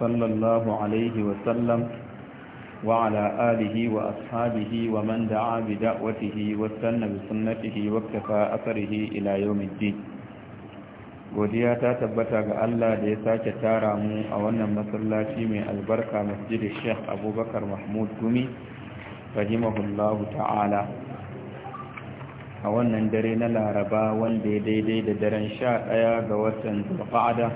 صلى الله عليه وسلم وعلى آله وأصحابه ومن دعا بدعوته واستنى بسنته واكتفى أثره إلى يوم الدين godiya ta tabbata ga Allah da ya sake tara mu a wannan masallaci mai albarka masjidin Sheikh Abubakar Mahmud Gumi rahimahullahu ta'ala a wannan dare na Laraba wanda ya daidai da daren 11 ga watan Zulqa'ada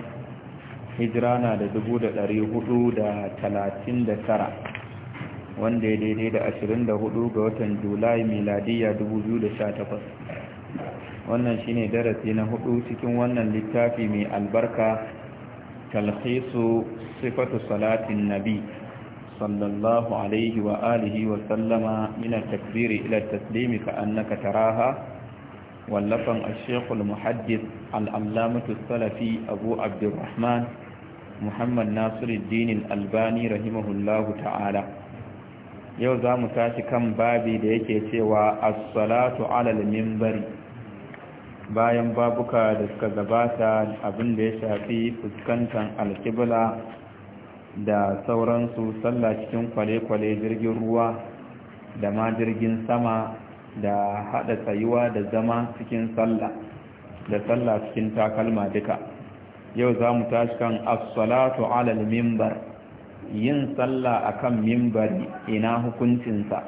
hijira na da dubu da hudu da talatin da tara wanda ya daidai da ashirin da hudu ga watan julai miladiya dubu biyu da sha takwas wannan shine darasi na hudu cikin wannan littafi mai albarka talhisu sifatu salatin nabi sallallahu alaihi wa alihi wa sallama mina takbiri ila taslimi ka annaka taraha واللفن الشيخ المحدث العلامة salafi Abu عبد muhammad nasiruddin albani rahimahullahu ta'ala yau za mu tashi kan babi da yake cewa as-salatu alal mimbari bayan babuka da suka gabata abin da ya shafi fuskantar alkibla da sauransu sallah cikin kwale-kwale jirgin ruwa da ma jirgin sama da haɗa tsayuwa da zama cikin sallah da sallah cikin takalma duka yau za mu tashi kan as-salatu alal mimbar yin sallah akan mimbar ina hukuncinsa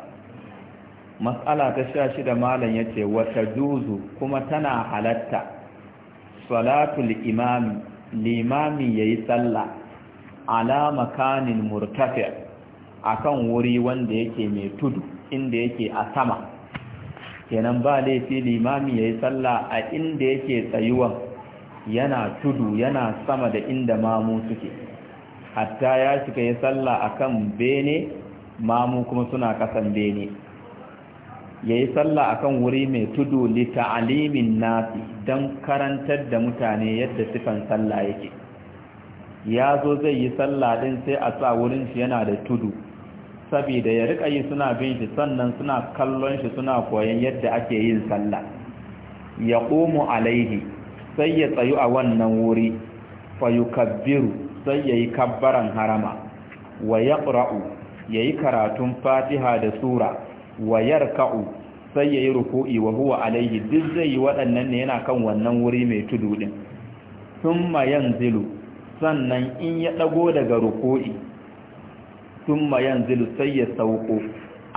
mas'ala ta sha shida malam ya ce wata juzu kuma tana halatta salatul imami limami ya yi sallah ala makanin murtafi akan wuri wanda yake mai tudu inda yake a sama kenan ba laifi limami ya yi sallah a inda yake tsayuwan yana tudu yana sama da inda mamu suke hatta ya shiga ya salla akan bene mamu kuma suna kasan bene yayi salla akan wuri mai tudu li nasi dan karantar da mutane yadda sifan salla yake ya zo zai yi sallah din sai a sa wurin shi yana da tudu saboda ya rika yi suna bin shi sannan suna kallon shi suna koyon yadda ake yin sallah. ya alaihi sai ya tsayu a wannan wuri fayukabbiru sai ya yi kabbaran harama wa ya ƙura'u yi karatun fatiha da sura wa yarka'u sai ya yi ruku'i wa huwa alaihi duk zai yi waɗannan ne yana kan wannan wuri mai tudu ɗin sun mayan zilu sannan in ya ɗago daga ruku'i sun mayan sai ya sauko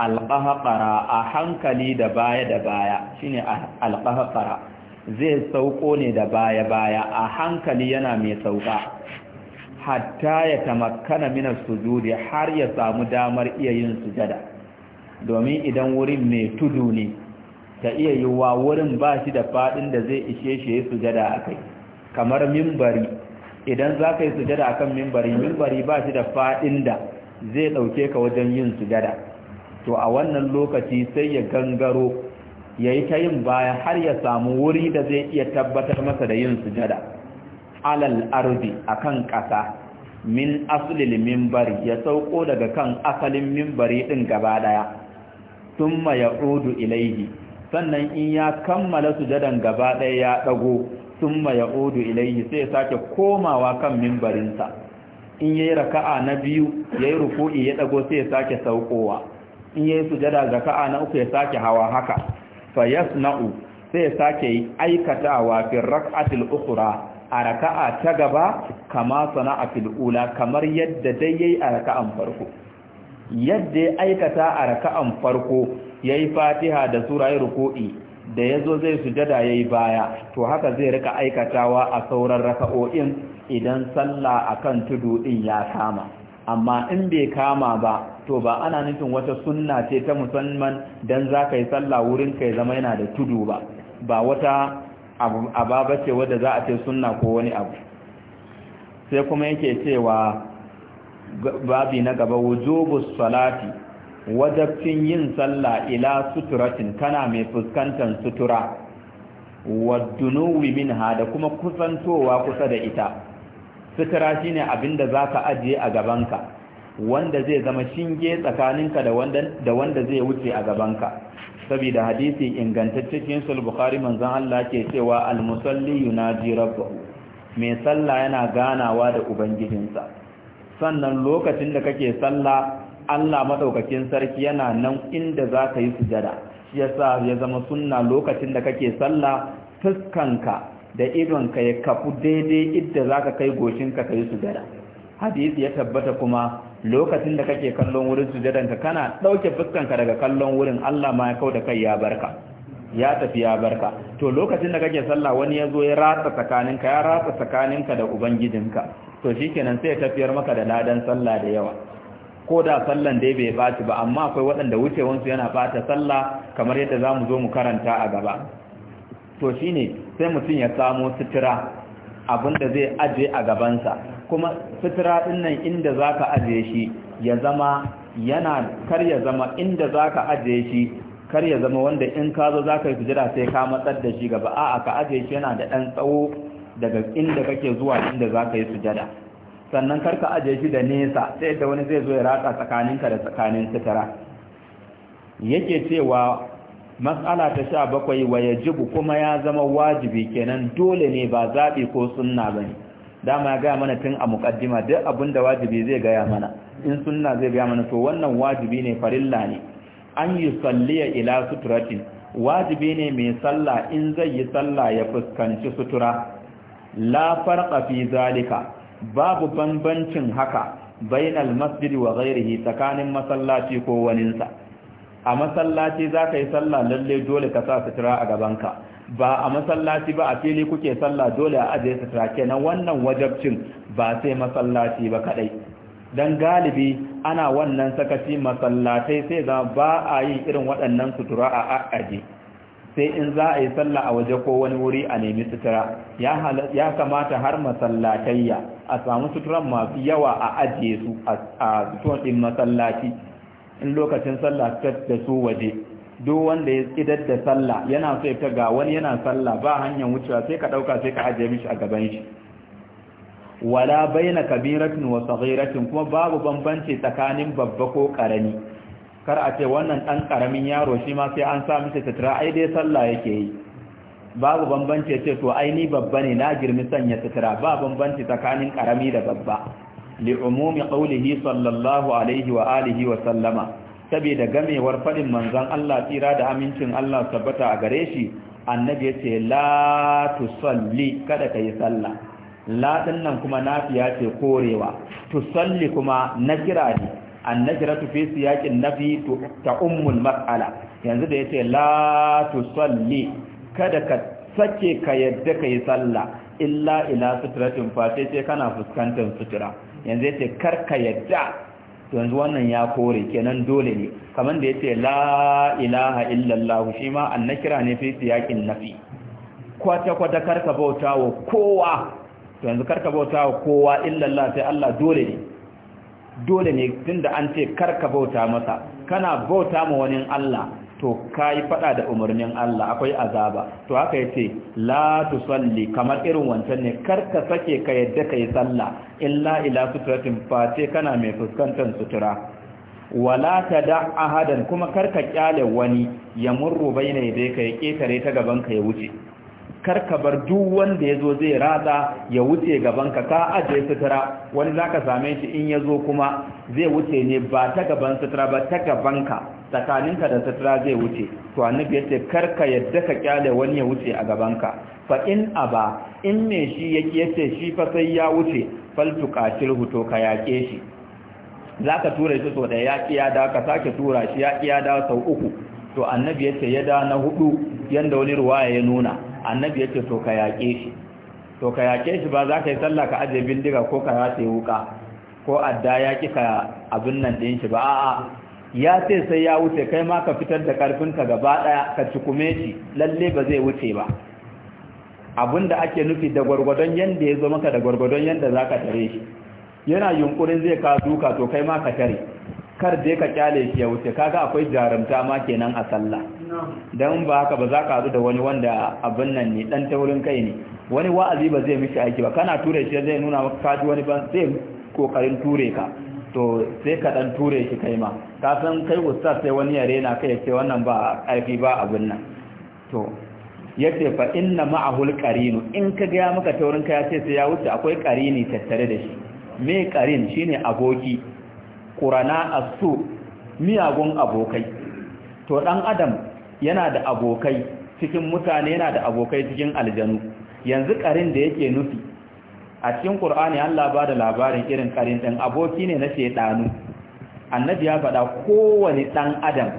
alƙahaƙara a hankali da baya da baya shine alƙahaƙara zai sauko ne da baya-baya a hankali yana mai sauka hatta ya tamakkana mina sujudi har ya samu damar iya yin sujada domin idan wurin mai tudu ne ta iya yiwuwa wurin ba shi da fadin da zai ishe shi ya sujada a kai kamar mimbari idan za ka yi sujada kan mimbari mimbari ba shi da fadin da zai ɗauke ka wajen yin sujada to a wannan lokaci sai ya gangaro ya yi ta yin baya har ya samu wuri da zai iya tabbatar masa da yin sujada alal a kan ƙasa min asulil mimbari ya sauko daga kan asalin mimbari ɗin gaba ɗaya thumma ya'udu ilaihi sannan in ya kammala sujadan gaba ɗaya ya ɗago thumma ya'udu ilaihi sai ya sake komawa kan mimbarinsa in yayi raka'a na biyu yayi ruku'i ya ɗago sai ya sake saukowa in yayi sujada raka'a na uku ya sake hawa haka Fayasna'u sai sake aikatawa fi rak'atil ukhra a raka'a ta gaba kama sana'a fil ula kamar yadda dai yayi araka'an raka'an farko yadda ya aikata a raka'an farko yayi fatiha da sura ya ruku'i da yazo zai sujada yayi baya to haka zai rika aikatawa a sauran raka'o'in idan sallah akan tudu din ya kama amma in bai kama ba to ba ana nufin wata sunna ce ta musamman dan za ka yi sallah wurin ka zama yana da tudu ba ba wata ababa ce wadda za a ce sunna ko wani abu sai kuma yake cewa babi na gaba wujubus salati wajabcin yin sallah ila suturatin kana mai fuskantar sutura waddunuwi min da kuma kusantowa kusa da ita sutura shine abinda ka ajiye a gabanka wanda zai zama shinge tsakaninka da wanda da wanda zai wuce a gabanka saboda hadisi ingantacce cikin sul bukhari manzon Allah ke cewa al musalli yunaji rabbahu mai sallah yana ganawa da ubangijinsa sannan lokacin da kake sallah Allah madaukakin sarki yana nan inda zaka yi sujada shi yasa ya zama sunna lokacin da kake sallah fuskanka da idonka ya kafu daidai idda zaka kai goshinka ka yi sujada hadisi ya tabbata kuma lokacin da kake kallon wurin sujadanka kana ɗauke fuskanka daga kallon wurin Allah ma ya kau da kai ya barka ya tafi ya barka to lokacin da kake sallah wani ya zo ya ratsa tsakaninka ya ratsa tsakaninka da ubangijinka to shikenan sai ya tafiyar maka da ladan sallah da yawa ko da sallan dai bai baci ba amma akwai waɗanda wucewansu yana bata sallah kamar yadda za mu zo mu karanta a gaba to shine sai mutum ya samo sutura da zai aje a gabansa kuma fitira dinnan inda zaka aje shi ya zama yana kar ya zama inda zaka aje shi kar ya zama wanda in ka zo zaka yi sujada sai ka matsar da shi gaba a'a ka aje shi yana da ɗan tsawo daga inda kake zuwa inda zaka yi sujada sannan kar ka aje shi da nesa sai da wani zai zo ya ratsa tsakaninka da tsakanin fitira yake cewa matsala ta sha bakwai wa yajibu kuma ya zama wajibi kenan dole ne ba zaɓi ko sunna ba ne dama ya gaya mana tun a mukaddima duk abin da wajibi zai gaya mana in sunna zai gaya mana to wannan wajibi ne farilla ne an yi salliya ila suturatin wajibi ne mai sallah in zai yi sallah ya fuskanci sutura la farqa fi zalika babu bambancin haka bainal masjid wa ghairihi tsakanin masallaci ko waninsa a masallaci za ka yi sallah lalle dole ka sa sutura a gaban ka. ba a masallaci ba a fili kuke sallah dole a ajiye sutura kenan wannan wajabcin ba sai masallaci ba kadai dan galibi ana wannan sakaci masallatai sai za ba a yi irin waɗannan sutura a ajiye sai in za a yi sallah a waje ko wani wuri a nemi sutura ya kamata har masallatayya a samu suturan masu yawa a ajiye su a suturan ɗin masallaci in lokacin sallah ta da su waje duk wanda ya tsidar da sallah yana so ya ga wani yana sallah ba hanyar wucewa sai ka dauka sai ka ajiye mishi a gaban shi wala baina kabiratin wa saghiratin kuma babu bambanci tsakanin babba ko karami kar a ce wannan dan karamin yaro shi ma sai an sa mishi sutura ai dai sallah yake yi babu bambanci ya ce to ai ni babba ne na girmi sanya sutura ba bambanci tsakanin karami da babba li'umumi aulihi sallallahu alaihi wa wa sallama saboda gamewar faɗin manzon Allah tsira da amincin Allah tabbata a gare shi annabi yace la tusalli kada kai sallah la dinnan kuma nafiya ce korewa tusalli kuma nakira ne annakiratu yakin siyaqin nafi ta ummul yanzu da yace la tusalli kada ka sake ka yadda kai sallah illa ila sutratin fa sai kana fuskantar sutura yanzu yace karka yadda to yanzu wannan ya kore kenan dole ne kaman da yace la ilaha illallah shi ma annakira ne fi siyakin nafi kwata kwata karka bautawa kowa to yanzu karka bautawa kowa illallah sai Allah dole ne dole ne tunda an ce karka bauta masa kana bauta ma wani Allah to kai faɗa da umarnin Allah akwai azaba to haka yace la salli. kamar irin wancan ne kar ka sake ka yadda ka yi sallah illa ila sutratin face kana mai fuskantar sutura wala ta da ahadan kuma kar ka kyale wani ya murru baina ka ya ketare ta gaban ka ya wuce Kar ka bar duk wanda ya zo zai ratsa ya wuce gabanka ka ajiye sutura wani za ka same shi in ya zo kuma zai wuce ne ba ta gaban sutura ba ta gabanka tsakaninka da sutura zai wuce to annabi yace karka yadda ka kyale wani ya wuce a gabanka fa in aba in me shi yake yace shi fa sai ya wuce faltu qatilhu to ka yake shi zaka tura shi so da yaki ya da ka sake tura shi yaki ya da sau uku to annabi yace ya da na hudu yanda wani ruwaya ya nuna annabi yace to ka yake shi to ka yake shi ba za ka yi sallah ka aje bindiga ko ka yace wuka ko adda yaki ka abin nan din shi ba a'a ya ce sai ya wuce kai ma ka fitar da karfinka gaba daya ka cikume shi lalle ba zai wuce ba abinda ake nufi da gwargwadon yanda ya zo maka da gwargwadon yanda za ka tare shi yana yunkurin zai ka duka to kai ma ka tare kar je ka kyale shi ya wuce kaga akwai jarumta ma kenan a sallah dan ba haka ba za ka haɗu da wani wanda abin nan ne dan taurin kai ne wani wa'azi ba zai mishi aiki ba kana ture shi zai nuna maka kaji wani ba zai kokarin ture ka to sai ka dan ture shi kai ma ka san kai ustaz sai wani yare na kai ce wannan ba karfi ba abin nan to yace fa inna ma'ahul qarinu in ka ga maka taurin ka yace sai ya wuce akwai qarini tattare da shi me qarin shine aboki qurana asu miyagun abokai to dan adam yana da abokai cikin mutane yana da abokai cikin aljanu yanzu qarin da yake nufi a cikin Qur'ani Allah ba da labarin irin karin ɗin aboki ne na shedanu annabi ya faɗa kowane ɗan adam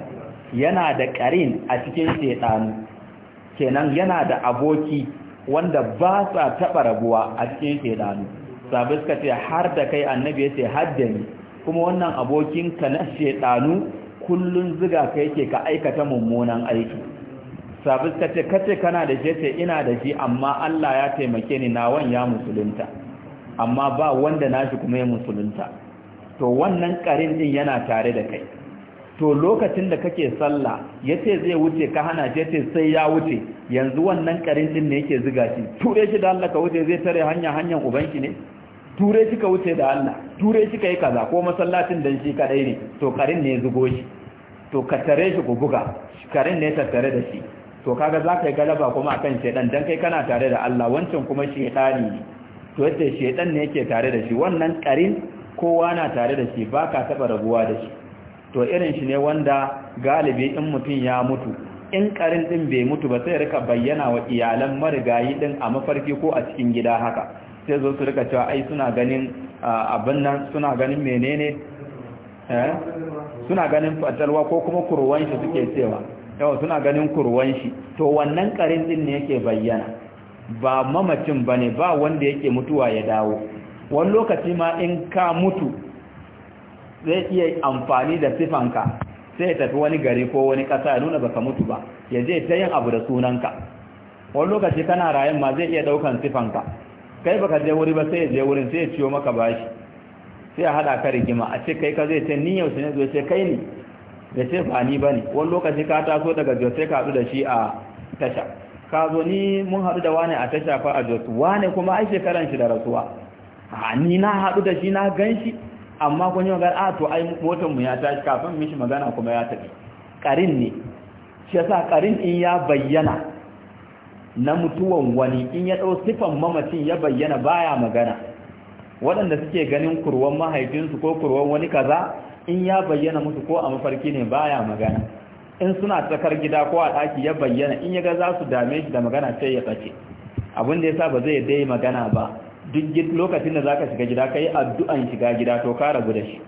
yana da karin a cikin shedanu kenan yana da aboki wanda ba sa taɓa rabuwa a cikin shedanu Sabis ka ce har da kai annabi ya ce haddani kuma wannan abokin ka na shedanu kullum ziga ka yake ka aikata mummunan aiki sabis ka ce kace kana da shi ina da shi amma Allah ya taimake ni nawan ya musulunta amma ba wanda nashi kuma ya musulunta to wannan karin din yana tare da kai to lokacin da kake sallah yace zai wuce ka hana shi sai ya wuce yanzu wannan karin din ne yake ziga shi ture shi da Allah ka wuce zai tare hanya hanyar ubanki ne ture shi ka wuce da Allah ture shi ka kaza ko masallacin dan shi kadai ne to karin ne ya zugo shi to ka tare shi ku buga karin ne tattare da shi to kaga za ka yi galaba kuma a kan shaidan? dan kai kana tare da Allah wancan kuma shaidani ne to yadda shaidan ne yake tare da shi wannan karin kowa na tare da shi Ba ka taba rabuwa da shi to irin shi ne wanda galibi in mutum ya mutu in karin din bai mutu ba sai rika bayyana wa iyalan marigayi din a mafarki ko a cikin gida haka sai zo su rika cewa ai suna ganin abin nan suna ganin menene eh? suna ganin fatalwa ko kuma kurwan shi suke cewa yawa suna ganin kurwan shi to wannan karin din ne yake bayyana ba mamacin ba ne ba wanda yake mutuwa ya dawo wani lokaci ma in ka mutu zai iya amfani da sifanka sai ya tafi wani gari ko wani kasa ya nuna baka mutu ba ya je ta yin abu da sunanka wani lokaci kana rayan ma zai iya ɗaukan sifanka kai baka je wuri ba sai ya je wurin sai ya ciyo maka bashi sai ya haɗa ka rigima a ce kai ka zai ce ni yaushe ne zai ce kai ne ya ce ba ni ba ne wani lokaci ka taso daga jos sai ka haɗu da shi a tasha ka zo ni mun haɗu da wane a tasha fa a jos wane kuma ai shekaran shi da rasuwa a ni na haɗu da shi na gan shi amma kun yi magana a to ai motar mu ya tashi kafin mishi magana kuma ya tafi karin ne shi yasa karin in ya bayyana na mutuwan wani in ya ɗau sifan mamacin ya bayyana baya magana waɗanda suke ganin kurwan mahaifinsu ko kurwan wani kaza in ya bayyana musu ko a mafarki ne baya magana in suna tsakar gida ko a ɗaki ya bayyana in ya ga za su dame shi da magana sai ya ɓace abin da ya sa ba zai dai magana ba duk lokacin da za ka shiga gida ka yi addu'an shiga gida to ka rabu da shi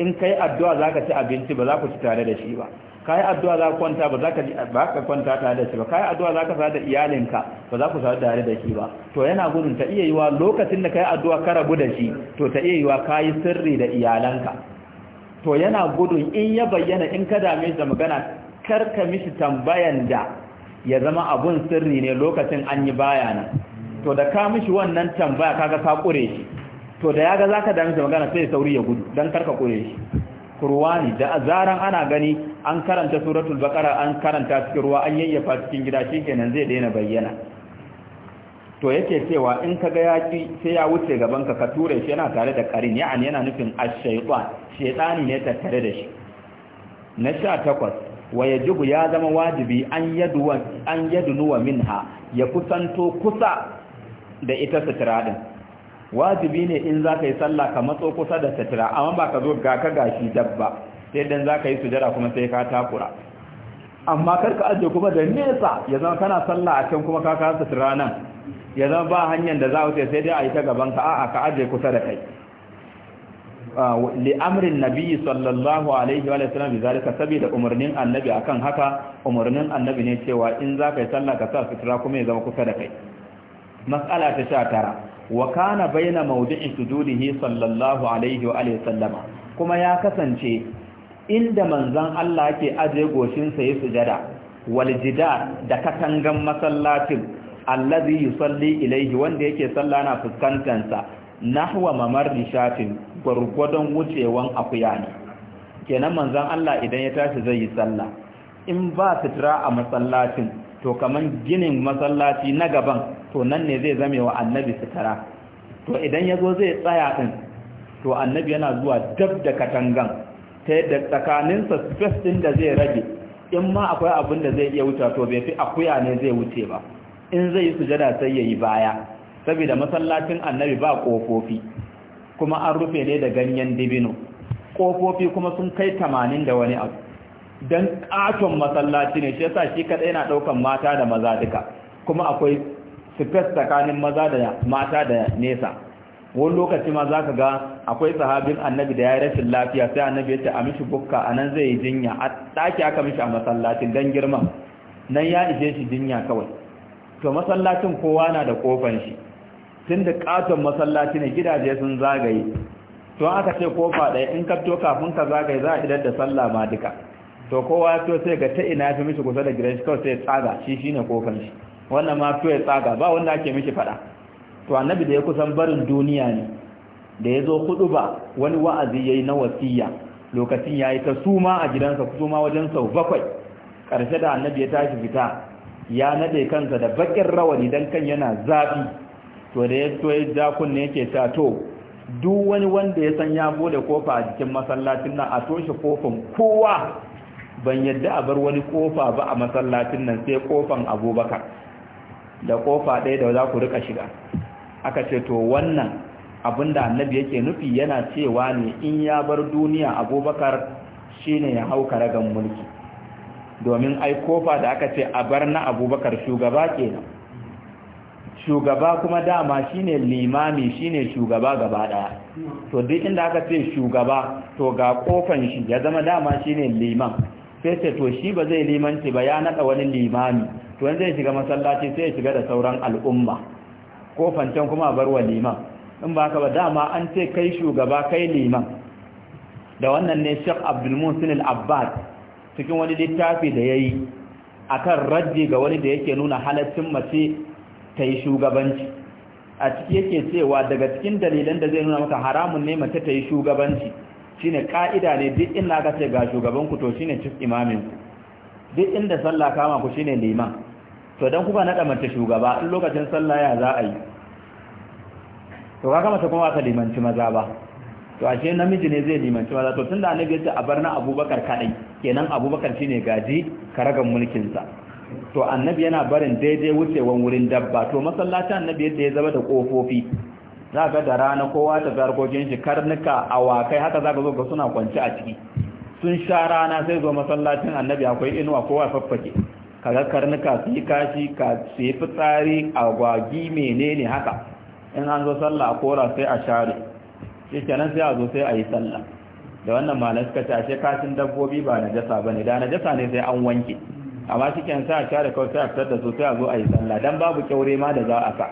in ka yi addu'a za ka ci abinci ba za ku ci tare da shi ba ka yi addu'a za ka kwanta ba za ka kwanta tare da shi ba ka yi addu'a za ka da iyalinka ba za ku sa tare da shi ba to yana gudun ta iya yiwa lokacin da ka yi addu'a ka rabu da shi to ta iya yiwa ka yi sirri da iyalanka to yana gudun in ya bayyana in ka dame shi da magana karka mishi tambayan da ya zama abun sirri ne lokacin an yi bayana to da ka mishi wannan tambaya kaga ka kure shi to da yaga zaka dame shi magana sai sauri ya gudu dan karka kure shi kurwani da azaran ana gani an karanta suratul baqara an karanta cikin ruwa an yayyafa cikin gida shikenan zai daina bayyana to yake cewa in ka ga yaki sai ya wuce gaban ka ka ture shi yana tare da ƙarin ya'an yana nufin ash-shaytan shaytan ne ta tattare da shi na sha takwas wa ya ya zama wajibi an yadunuwa minha ya kusanto kusa da ita sutura din wajibi ne in zaka yi sallah ka matso kusa da sutura amma ba ka zo ga ka gashi dabba sai dan zaka yi sujada kuma sai ka takura amma karka ajiye kuma da nesa ya zama kana sallah a can kuma ka kasa nan. ya zama ba hanyar da za a wuce sai dai a yi ta gaban ka a'a ka ajiye kusa da kai ah, li'amrin nabi sallallahu alaihi wa sallam bi zalika saboda umarnin annabi akan haka umarnin annabi ne cewa in za ka yi sallah ka sa sutura kuma ya zama kusa da kai mas'ala ta sha tara wa kana baina mawdi'i sujudihi sallallahu alaihi wa sallama kuma ya kasance inda manzon Allah yake aje goshinsa ya sujada wal jidar da katangan masallacin allazi yusalli ilaihi wanda yake sallah na sa nahwa mamar rishafin gwargwadon wucewan akuya ne kenan manzon Allah idan ya tashi zai yi sallah in ba sutura a masallacin to kaman ginin masallaci na gaban to nan ne zai zame wa annabi sutura to idan ya zo zai tsaya din to annabi yana zuwa dab da katangan ta yadda tsakaninsa space ɗin da zai rage in ma akwai abin da zai iya wuce to bai fi akuya ne zai wuce ba in zai yi sujada sai ya yi baya saboda masallacin annabi ba ƙofofi kuma an rufe ne da ganyen dibino ƙofofi kuma sun kai tamanin da wani abu don ƙaton masallaci ne shi yasa shi kaɗai yana ɗaukan mata da maza duka kuma akwai space tsakanin maza da mata da nesa wani lokaci ma za ka ga akwai sahabin annabi da ya rashin lafiya sai annabi ya ce a mishi bukka a nan zai yi jinya a ɗaki aka mishi a masallacin don girma nan ya ije shi jinya kawai to masallacin kowa na da kofan shi tun da ƙaton masallaci ne gidaje sun zagaye to aka ce kofa ɗaya in to kafin ka zagaye za a idar da sallah ma duka to kowa to sai ga ta ina fi mishi kusa da gidan shi kawai sai ya tsaga shi shine kofan shi wannan ma to ya tsaga ba wanda ake mishi faɗa to annabi da ya kusan barin duniya ne da ya zo hudu ba wani wa'azi ya yi na wasiya lokacin ya yi ta suma a gidansa suma wajen sau bakwai ƙarshe da annabi ya tashi fita ya naɗe kansa da baƙin rawani don kan yana zafi to da ya so ya ja kunne yake ta to duk wani wanda ya san ya bude kofa a jikin masallacin nan a toshe kofin kowa ban yadda a bar wani kofa ba a masallacin nan sai kofan abubakar da kofa ɗaya da za ku rika shiga aka ce to wannan abin da annabi yake nufi yana cewa ne in ya bar duniya abubakar shine ya hau karagan mulki domin ai kofa da aka ce a bar na abubakar shugaba kenan shugaba kuma dama shine limami shine shugaba gaba daya to duk inda aka ce shugaba to ga kofan shi ya zama dama shine liman sai ce to shi ba zai limanci ba ya naɗa wani limami to zai shiga masallaci sai ya shiga da sauran al'umma ko kuma a bar wa liman in ba ka ba dama an ce kai shugaba kai liman da wannan ne Sheikh Abdul Muhsin Al-Abbad cikin wani littafi da yayi akan raddi ga wani da yake nuna halaccin mace ta yi shugabanci a ciki yake cewa daga cikin dalilan da zai nuna maka haramun ne mace ta yi shugabanci shine ka'ida ne duk inda aka ce ga shugaban ku to shine cif imamin ku duk inda sallah kama ku shine liman to dan kuka naɗa mace shugaba in lokacin sallah ya za a yi to kaka mace kuma aka limanci maza ba to ashe namiji ne zai limanci maza to tunda annabi ya ce a bar na abubakar kadai kenan abubakar shine gaji karagan mulkin sa to annabi yana barin daidai wucewan wurin dabba to masallacin annabi yadda ya zama da kofofi za ga da rana kowa ta farkokin shi karnuka awakai haka za ka zo ka suna kwance a ciki sun sha rana sai zo masallacin annabi akwai inuwa kowa faffake kaga karnuka su yi kashi ka su yi fitsari agwagi menene haka in an zo sallah a kora sai a share shi kenan sai a zo sai a yi sallah da wannan malam suka ce tashe kashin dabbobi ba na jasa ba ne da na jasa ne sai an wanke amma shi kenan sai a share kawai sai a fitar da su sai a zo a yi sallah dan babu kyaure ma da za a sa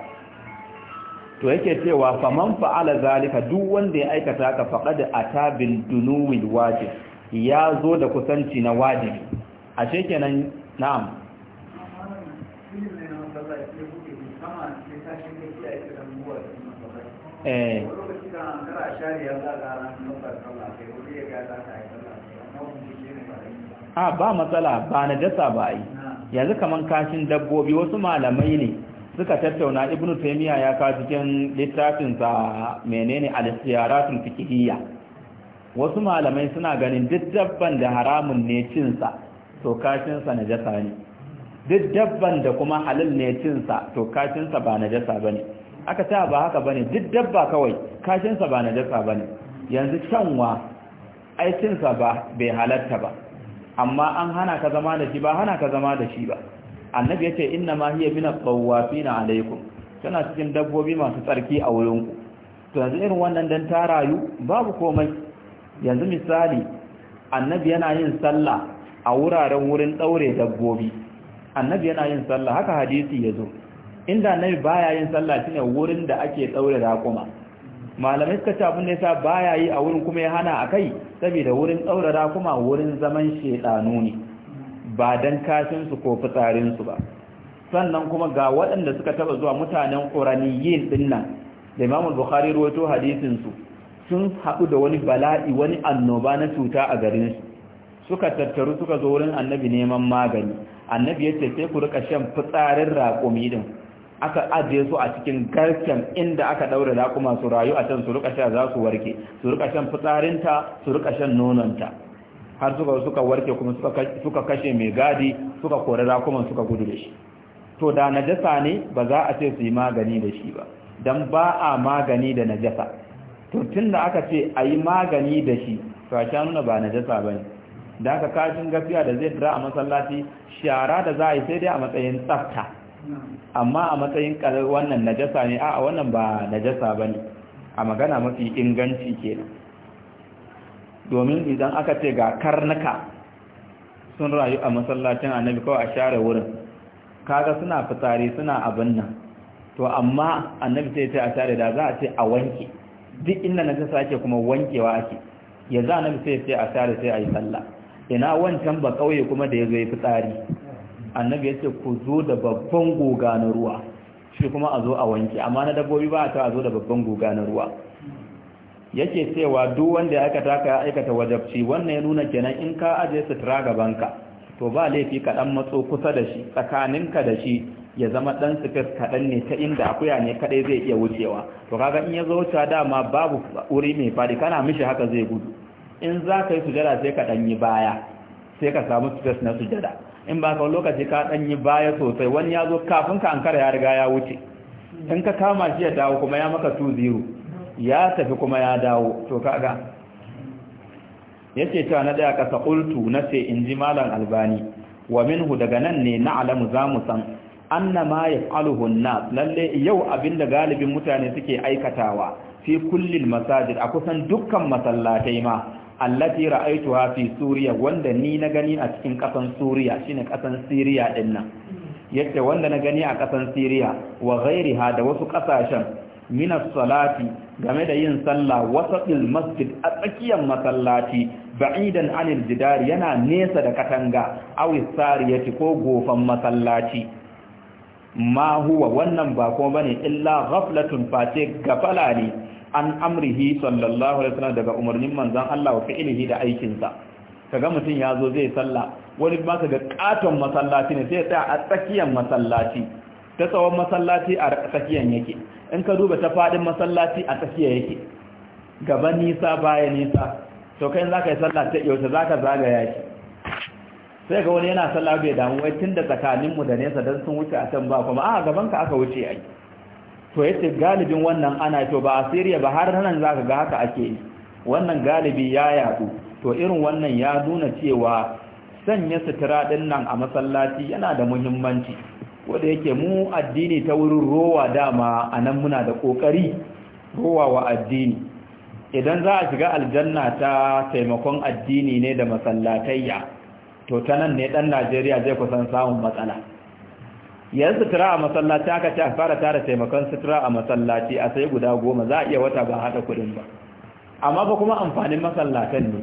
to yake cewa fa faman fa'ala zalika duk wanda ya aikata ka faqad ata bil dunuwil wajib ya zo da kusanci na wajibi ashe kenan na'am Eh. a ah, ba matsala ba na dasa ba yi yanzu kaman kashin dabbobi wasu malamai ne suka tattauna Ibn taymiya ya ka cikin littafinsa menene al-siyaratun fiqhiyya wasu malamai suna ganin duk dabban da haramun ne cinsa to kashinsa najasa ne duk dabban da kuma halal ne cinsa to kashinsa ba najasa bane aka ta ba haka bane duk dabba kawai kashinsa ba na dabba bane yanzu canwa aikinsa ba bai halatta ba amma an hana ka zama da shi ba hana ka zama da shi ba annabi ya ce, inna ma hiya min tawafina alaykum tana cikin dabbobi masu tsarki a wurin ku to yanzu irin wannan dan ta rayu babu komai yanzu misali annabi yana yin sallah a wuraren wurin daure dabbobi annabi yana yin sallah haka hadisi yazo inda annabi baya yin sallah shine wurin da ake daure kuma. malamai suka ce abin da yasa baya yi a wurin kuma ya hana akai saboda wurin daure kuma wurin zaman shedanu ne ba dan kashin su ko fitsarin su ba sannan kuma ga waɗanda suka taba zuwa mutanen quraniyin dinnan da Imam Bukhari ruwato hadisin su sun haɗu da wani bala'i wani annoba na cuta a garin su suka tattaru suka zo wurin annabi neman magani annabi ya sai ku rika shan fitsarin raqumi din aka ajiye su a cikin garken inda aka daure kuma su rayu a can su rika sha za su warke su rika shan fitsarinta su rika shan nononta har suka suka warke kuma suka kashe mai gadi suka kori raƙuman suka gudu da shi to da najasa ne ba za a ce su yi magani da shi ba don ba a magani da najasa to tun da aka ce a yi magani da shi to a nuna ba najasa ba ne da aka kashin gafiya da zai dira a masallaci shara da za a yi sai dai a matsayin tsafta amma a matsayin karar wannan najasa ne a wannan ba najasa ba ne a magana mafi inganci kenan domin idan aka ce ga karnuka sun rayu a masallacin annabi kawai a share wurin kaga suna fitari suna abin nan to amma annabi sai ce a share da za a ce a wanke duk inda najasa ake kuma wankewa ake ya za nabi sai ce a share sai a yi sallah ina wancan ba kauye kuma da ya zo ya fitsari annabi ya ce ku zo da babban goga na ruwa shi kuma a zo a wanke amma na dabbobi ba ta zo da babban goga na ruwa yake cewa duk wanda ya aikata ka aikata wajabci wannan ya nuna kenan in ka aje su gaban gabanka to ba laifi ka dan matso kusa da shi tsakanin ka da shi ya zama dan sifir kaɗan ne ta inda akuya ne kaɗai zai iya wucewa to kaga in ya zo wuce dama babu wuri mai faɗi kana mishi haka zai gudu in za ka yi sujada sai ka ɗanyi baya sai ka samu sifir na sujada in ba ka lokaci ka yi baya sosai wani ya zo kafin ka ankara ya riga ya wuce in ka kama shi ya dawo kuma ya maka 2-0 ya tafi kuma ya dawo to kaga yace ta na daya kasa qultu ce in ji malam albani wa minhu daga nan ne na alamu za mu san annama yaf'aluhu an-nas lalle yau abinda galibin mutane suke aikatawa fi kullil masajid a kusan dukkan masallatai ma allati ra'aituha fi suriya wanda ni na gani a cikin kasan suriya shine kasan siriya din nan wanda na gani a kasan siriya wa ghairiha da wasu kasashen min salati game da yin sallah wasatil masjid a tsakiyar masallaci ba'idan anil jidar yana nesa da katanga aw sariyati ko gofan masallaci ma huwa wannan ba kuma bane illa ghaflatun face gafala ne an amrihi sallallahu alaihi wasallam daga umarnin manzon Allah wa fi'lihi da aikinsa kaga mutum ya zo zai salla wani ba ka ga katon masallaci ne sai ya tsaya a tsakiyar masallaci ta tsawon masallaci a tsakiyar yake in ka duba ta fadin masallaci a tsakiyar yake gaba nisa baya nisa to kai za ka yi salla ta yau za ka zagaya shi sai ga wani yana salla bai damu wai tun da tsakaninmu da nesa don sun wuce a can ba kuma a gaban ka aka wuce ai to yace galibin wannan ana to ba asiriya ba har nan zaka ga haka ake wannan galibi ya yadu to irin wannan ya nuna cewa sanya sutura din nan a masallaci yana da muhimmanci wanda yake mu addini ta wurin rowa dama anan muna da kokari rowa wa addini idan za a shiga aljanna ta taimakon addini ne da masallatayya to ta nan ne dan Najeriya zai kusan samun matsala yan sutura a masallaci aka ce a fara tara taimakon sutura a masallaci a sai guda goma za a iya wata ba haɗa kuɗin ba amma ba kuma amfanin masallatan ne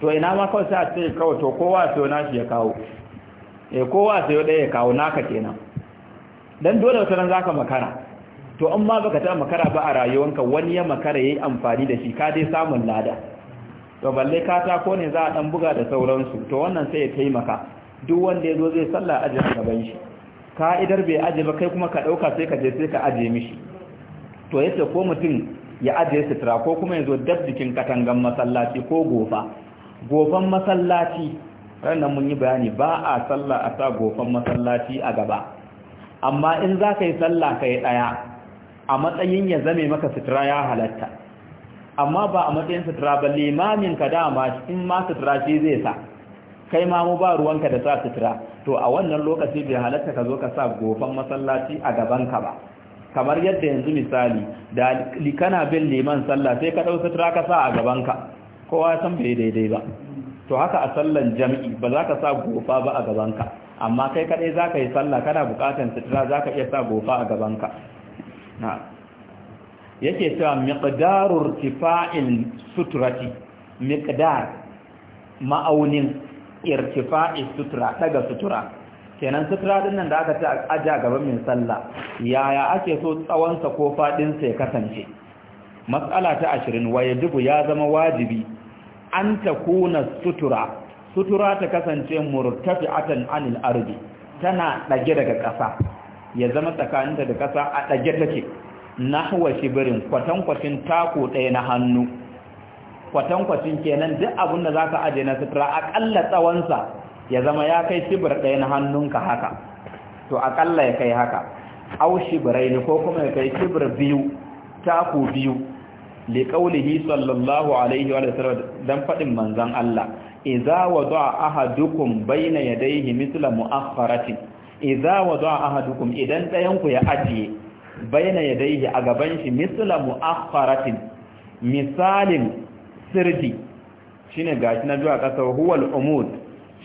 to ina ma kawai sai a ce kawai to kowa sayo shi ya kawo eh kowa sayo ɗaya ya kawo naka kenan dan dole wata nan zaka makara to an ma baka ta makara ba a rayuwanka wani ya makara yayi amfani da shi ka dai samun lada to balle katako ne za a dan buga da sauransu to wannan sai ya taimaka duk wanda ya zo zai sallah ajin gaban shi ka'idar bai aje ba kai kuma ka ɗauka sai ka je sai ka aje mishi to yace ko mutum ya aje sutura ko kuma ya zo dab jikin katangan masallaci ko gofa gofan masallaci ranar mun yi bayani ba a sallah a sa gofan masallaci a gaba amma in za ka yi sallah ka yi ɗaya a matsayin ya zame maka sutura ya halatta amma ba a matsayin sutura ba limamin ka dama in ma sutura shi zai sa kai ma mu ba ruwanka da sa sutura to a wannan lokaci bai halatta ka zo ka sa gofan masallaci a gabanka ba kamar yadda yanzu misali da kana bin liman sallah sai ka ɗauki sutura ka sa a gabanka kowa san bai daidai ba to haka a sallan jami'i ba za ka sa gofa ba a gabanka amma kai kaɗai za ka yi sallah kana buƙatar sutura za ka iya sa gofa a gabanka yake cewa miqdarur tifa'il suturati miqdar ma'aunin irtifa'i sutura daga sutura kenan sutura din nan da aka ce aja gaban min sallah yaya ake so tsawonsa ko faɗinsa ya kasance matsala ta ashirin dubu ya zama wajibi an ta kuna sutura sutura ta kasance murtafi'atan anil ardi tana dage daga ƙasa ya zama tsakaninta da ƙasa a ɗage take nahwa kwatan kwatankwacin tako ɗaya na hannu kwatankwacin kenan duk abin da za ka aje na sutura aƙalla tsawonsa ya zama ya kai shibir ɗaya na hannunka haka to aƙalla ya kai haka au shibirai ne ko kuma ya kai shibir biyu taku biyu li qawlihi sallallahu alaihi wa sallam dan fadin manzon Allah idza wada'a ahadukum bayna yadayhi mithla mu'akhkharati idza wada'a ahadukum idan dayan ku ya ajiye bayna yadayhi a gaban shi mithla mu'akhkharatin misalin sirdi shine gashi na zuwa kasa huwal umud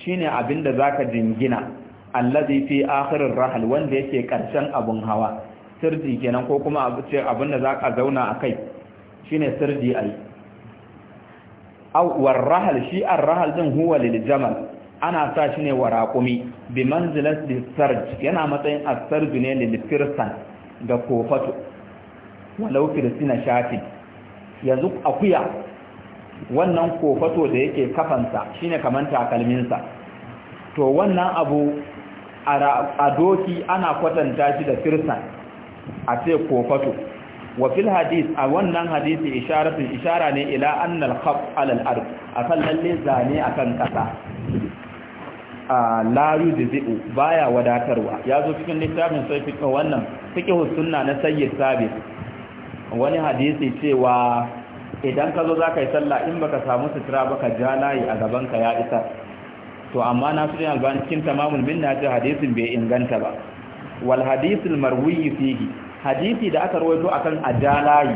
shine abinda zaka dingina allazi fi akhirir rahal wanda yake karshen abun hawa sirdi kenan ko kuma abu ce abinda zaka zauna akai shine sirdi ai aw rahal shi arrahal din huwa lil jamal ana sa shi ne wa raƙumi bi manzilas sarj yana matsayin asarju ne lil firsan ga kofato walau firsina shafi yanzu akuya wannan kofato da yake kafansa shine kaman takalminsa to wannan abu a doki ana kwatanta shi da firsan a ce kofato wa fil hadis a wannan hadisi isharatun ishara ne ila annal khaf alal ard akan lalle zane akan kasa a laru da baya wadatarwa ya zo cikin littafin sai fika wannan fikihu sunna na sayyid sabit wani hadisi cewa idan ka zo za ka yi sallah in baka samu sutura ba ka ja layi a gabanka ya isa to amma na su albani cikin bin na ce hadisin bai inganta ba wal hadisul marwiyi fihi hadisi da aka rawaito akan ajalayi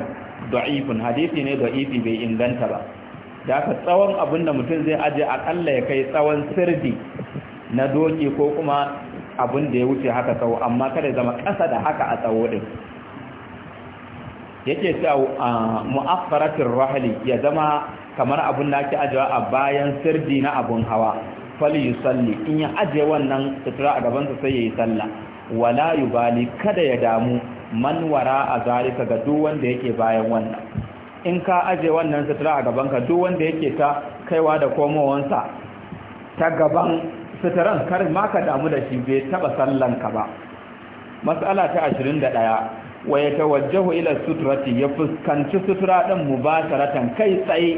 da'ifun hadisi ne da'ifi bai inganta ba da aka tsawon abin da mutum zai aje akalla ya kai tsawon sirdi na doki ko kuma abin da ya wuce haka tsawo amma kada zama ƙasa da haka a tsawo din yake sa ah, mu'affaratir rahli ya zama kamar abun da ake ajewa a bayan sirdi na abun hawa fali yusalli in ya aje wannan sutura a gabansa sai yayi sallah wala yubali kada ya damu man wara a zalika ga duk wanda yake bayan wannan in ka aje wannan sutura a gaban ka, duk wanda yake ta kaiwa da komowansa ta gaban suturan kar ma ka damu da shi bai taba ka ba mas'ala ta 21 wa ya tawajjahu ila suturati ya fuskanci sutura ɗin mubasharatan kai tsaye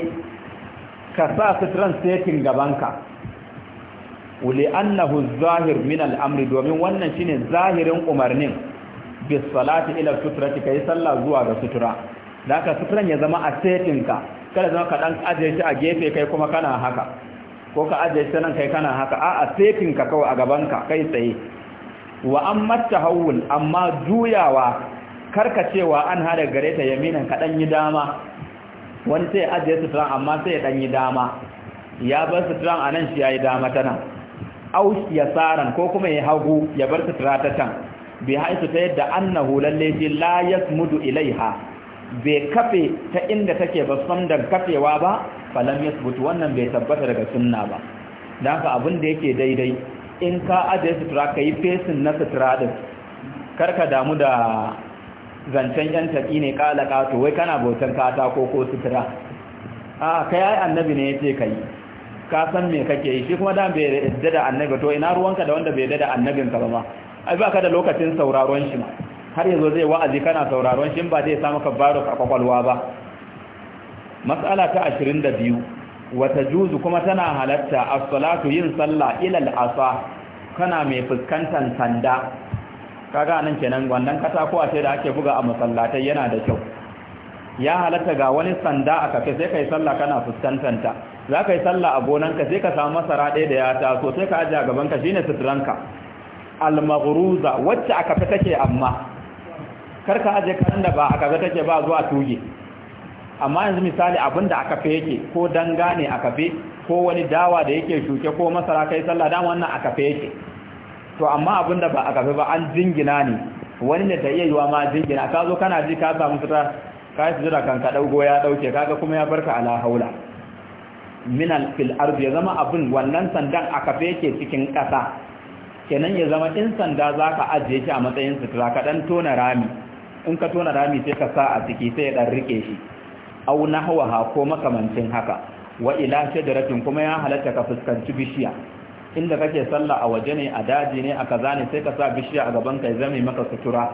ka sa suturan setin gabanka wuli annahu zahir min al'amri domin wannan shine zahirin umarnin bis salati ila suturati kai sallah zuwa ga sutura da ka suturan ya zama a setinka kada zama ka dan ajiye shi a gefe kai kuma kana haka ko ka ajiye shi nan kai kana haka a'a setinka kawai a gabanka kai tsaye wa an matta hawul amma juyawa cewa an hada gare ta yaminan ka dan yi dama wani sai ajiye suturan amma sai ya dan yi dama ya bar suturan a nan shi ya yi dama tana au ya tsaran ko kuma ya hagu ya bar sutura ta tan. bi haisu ta yadda annahu lalle shi la yasmudu ilaiha bai kafe ta inda take ba san da kafewa ba falam yasbutu wannan bai tabbata daga sunna ba dan haka abin da yake daidai in ka ajiye sutura ka yi fesin na sutura din karka damu da zancen yan taƙi ne ƙala ƙato wai kana bautan katako ko sutura a ka yi annabi ne ya ce ka yi ka san me kake yi shi kuma da bai yadda da annabi to ina ruwanka da wanda bai yadda da ka ba ai ba ka da lokacin sauraron shi ma har yanzu zai wa'azi kana sauraron shi ba zai samu ka baruk a kwakwalwa ba mas'ala ta 22 wata juzu kuma tana halatta as-salatu yin sallah ila al-asa kana mai fuskantar sanda kaga nan kenan wannan katako ce da ake buga a masallatai yana da kyau ya halatta ga wani sanda a kafe sai kai sallah kana fuskantanta za ka yi sallah a gonanka sai ka samu masara ɗaya da ya taso sai ka ajiye a gabanka shine suturanka maghruza wacce a kafe take amma kar ka ajiye kan da ba a kafe take ba zuwa tuge amma yanzu misali abinda a kafe yake ko danga ne a kafe ko wani dawa da yake shuke ko masara kai sallah dan wannan a kafe yake to amma abin da ba a kafe ba an jingina ne wani ne ta iya yiwa ma jingina ka zo kana ji ka samu fita ka yi sujira kan daugo ya ɗauke kaga kuma ya barka ala haula min al fil ard ya zama abin wannan sandan a kafe yake cikin kasa kenan ya zama in sanda zaka ajiye shi a matsayin sutura ka dan tona rami in ka tona rami sai ka sa a ciki sai ya dan rike shi au ha ko makamancin haka wa ila shadratin kuma ya halatta ka fuskanci bishiya inda kake sallah a waje ne a daji ne a kaza ne sai ka sa bishiya a gaban ka zame maka sutura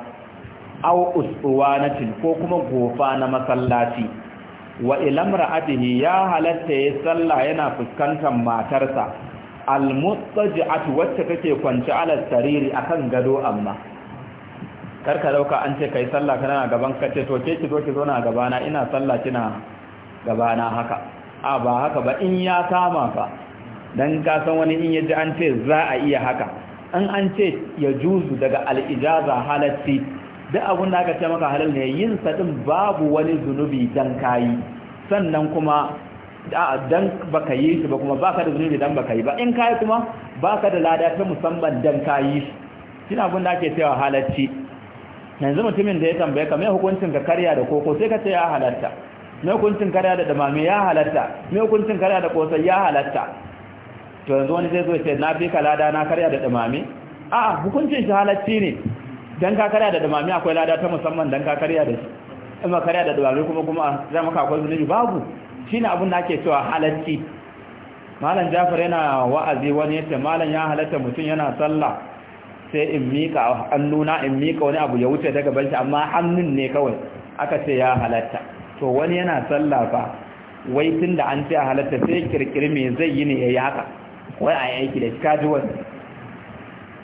aw uswanatin ko kuma gofa na masallaci wa ilamra'atihi ya halatta ya sallah yana fuskantar matarsa almustaji'at wacce kake kwance ala sariri akan gado amma karka dauka an ce kai sallah kana gaban ka ce to ke ki zo ki zo na gabana ina sallah kina gabana haka a ba haka ba in ya kama fa dan ka san wani in yaji an ce za a iya haka an an ce ya juzu daga al'ijaza halatti da abin da aka ce maka halal ne yin sa din babu wani zunubi dan kayi sannan kuma dan baka yi shi ba kuma baka da zunubi dan baka yi ba in kayi kuma baka da lada ta musamman dan kayi shi shine abin da ake cewa halatti yanzu mutumin da ya tambaye ka me hukuncin ka karya da koko sai ka ce ya halatta me hukuncin karya da damame ya halatta me hukuncin karya da kosai ya halatta to yanzu wani zai zo ya ce na fi ka lada na karya da a a'a hukuncin shi halacci ne dan ka karya da dumami akwai lada ta musamman dan ka karya da shi in ba karya da dumami kuma kuma za maka akwai zunubi babu shine abin da ake cewa halacci malam Jafar yana wa'azi wani yace malam ya halatta mutum yana sallah sai in mika hannuna in mika wani abu ya wuce daga banci amma hannun ne kawai aka ce ya halatta to wani yana sallah fa wai tunda an ce halatta sai kirkiri me zai yi ne yayi haka wai a aiki da kaji wani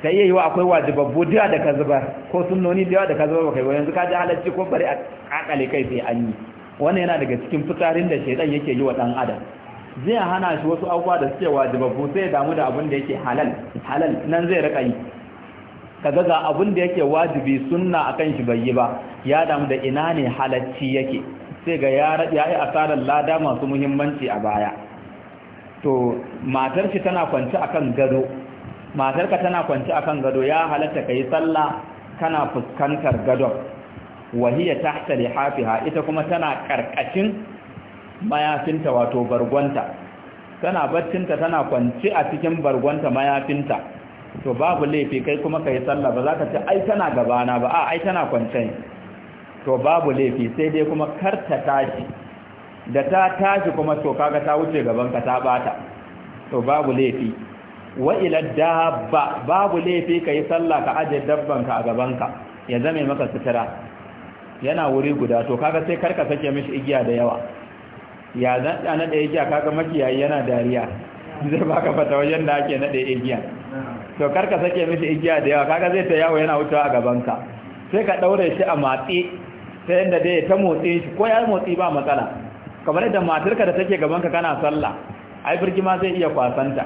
iya yi wa akwai wajibabbu da da ka zubar ko sunnoni da da ka zubar baka yi ka ji halarci ko bari a kakale kai sai an yi wannan yana daga cikin fitarin da shaidan yake yi wa dan adam zai hana shi wasu abubuwa da suke wajibabbu sai ya damu da abin da yake halal halal nan zai rika yi kaga ga abin da yake wajibi sunna akan shi bai yi ba ya damu da ina ne halarci yake sai ga ya yi asarar lada masu muhimmanci a baya to matar shi tana kwanci akan gado matar ka tana kwanci akan gado ya halatta kai sallah kana fuskantar gado wahiya tahta lihafiha ita kuma tana karkashin mayafinta wato bargonta tana baccinta tana kwanci a cikin bargonta mayafinta to babu laifi kai kuma kai sallah ba za ka ce ai tana gabana ba a ai tana kwance to babu laifi sai dai kuma kar ta tashi da ta tashi kuma to kaga ta wuce gaban ka ta bata to babu laifi wa ila dabba babu laifi kai sallah ka aje dabban ka a gaban ka ya zame maka sutura yana wuri guda to kaga sai karka sake mishi igiya da yawa ya zan na da igiya kaga makiyayi yana dariya zai baka fata wajen da ake da igiya to karka sake mishi igiya da yawa kaga zai ta yawo yana wuce a gaban ka sai ka daure shi a matsi sai yadda dai ta motsi shi ko ya motsi ba matsala kamar da matarka da take gabanka kana sallah ai ma zai iya kwasanta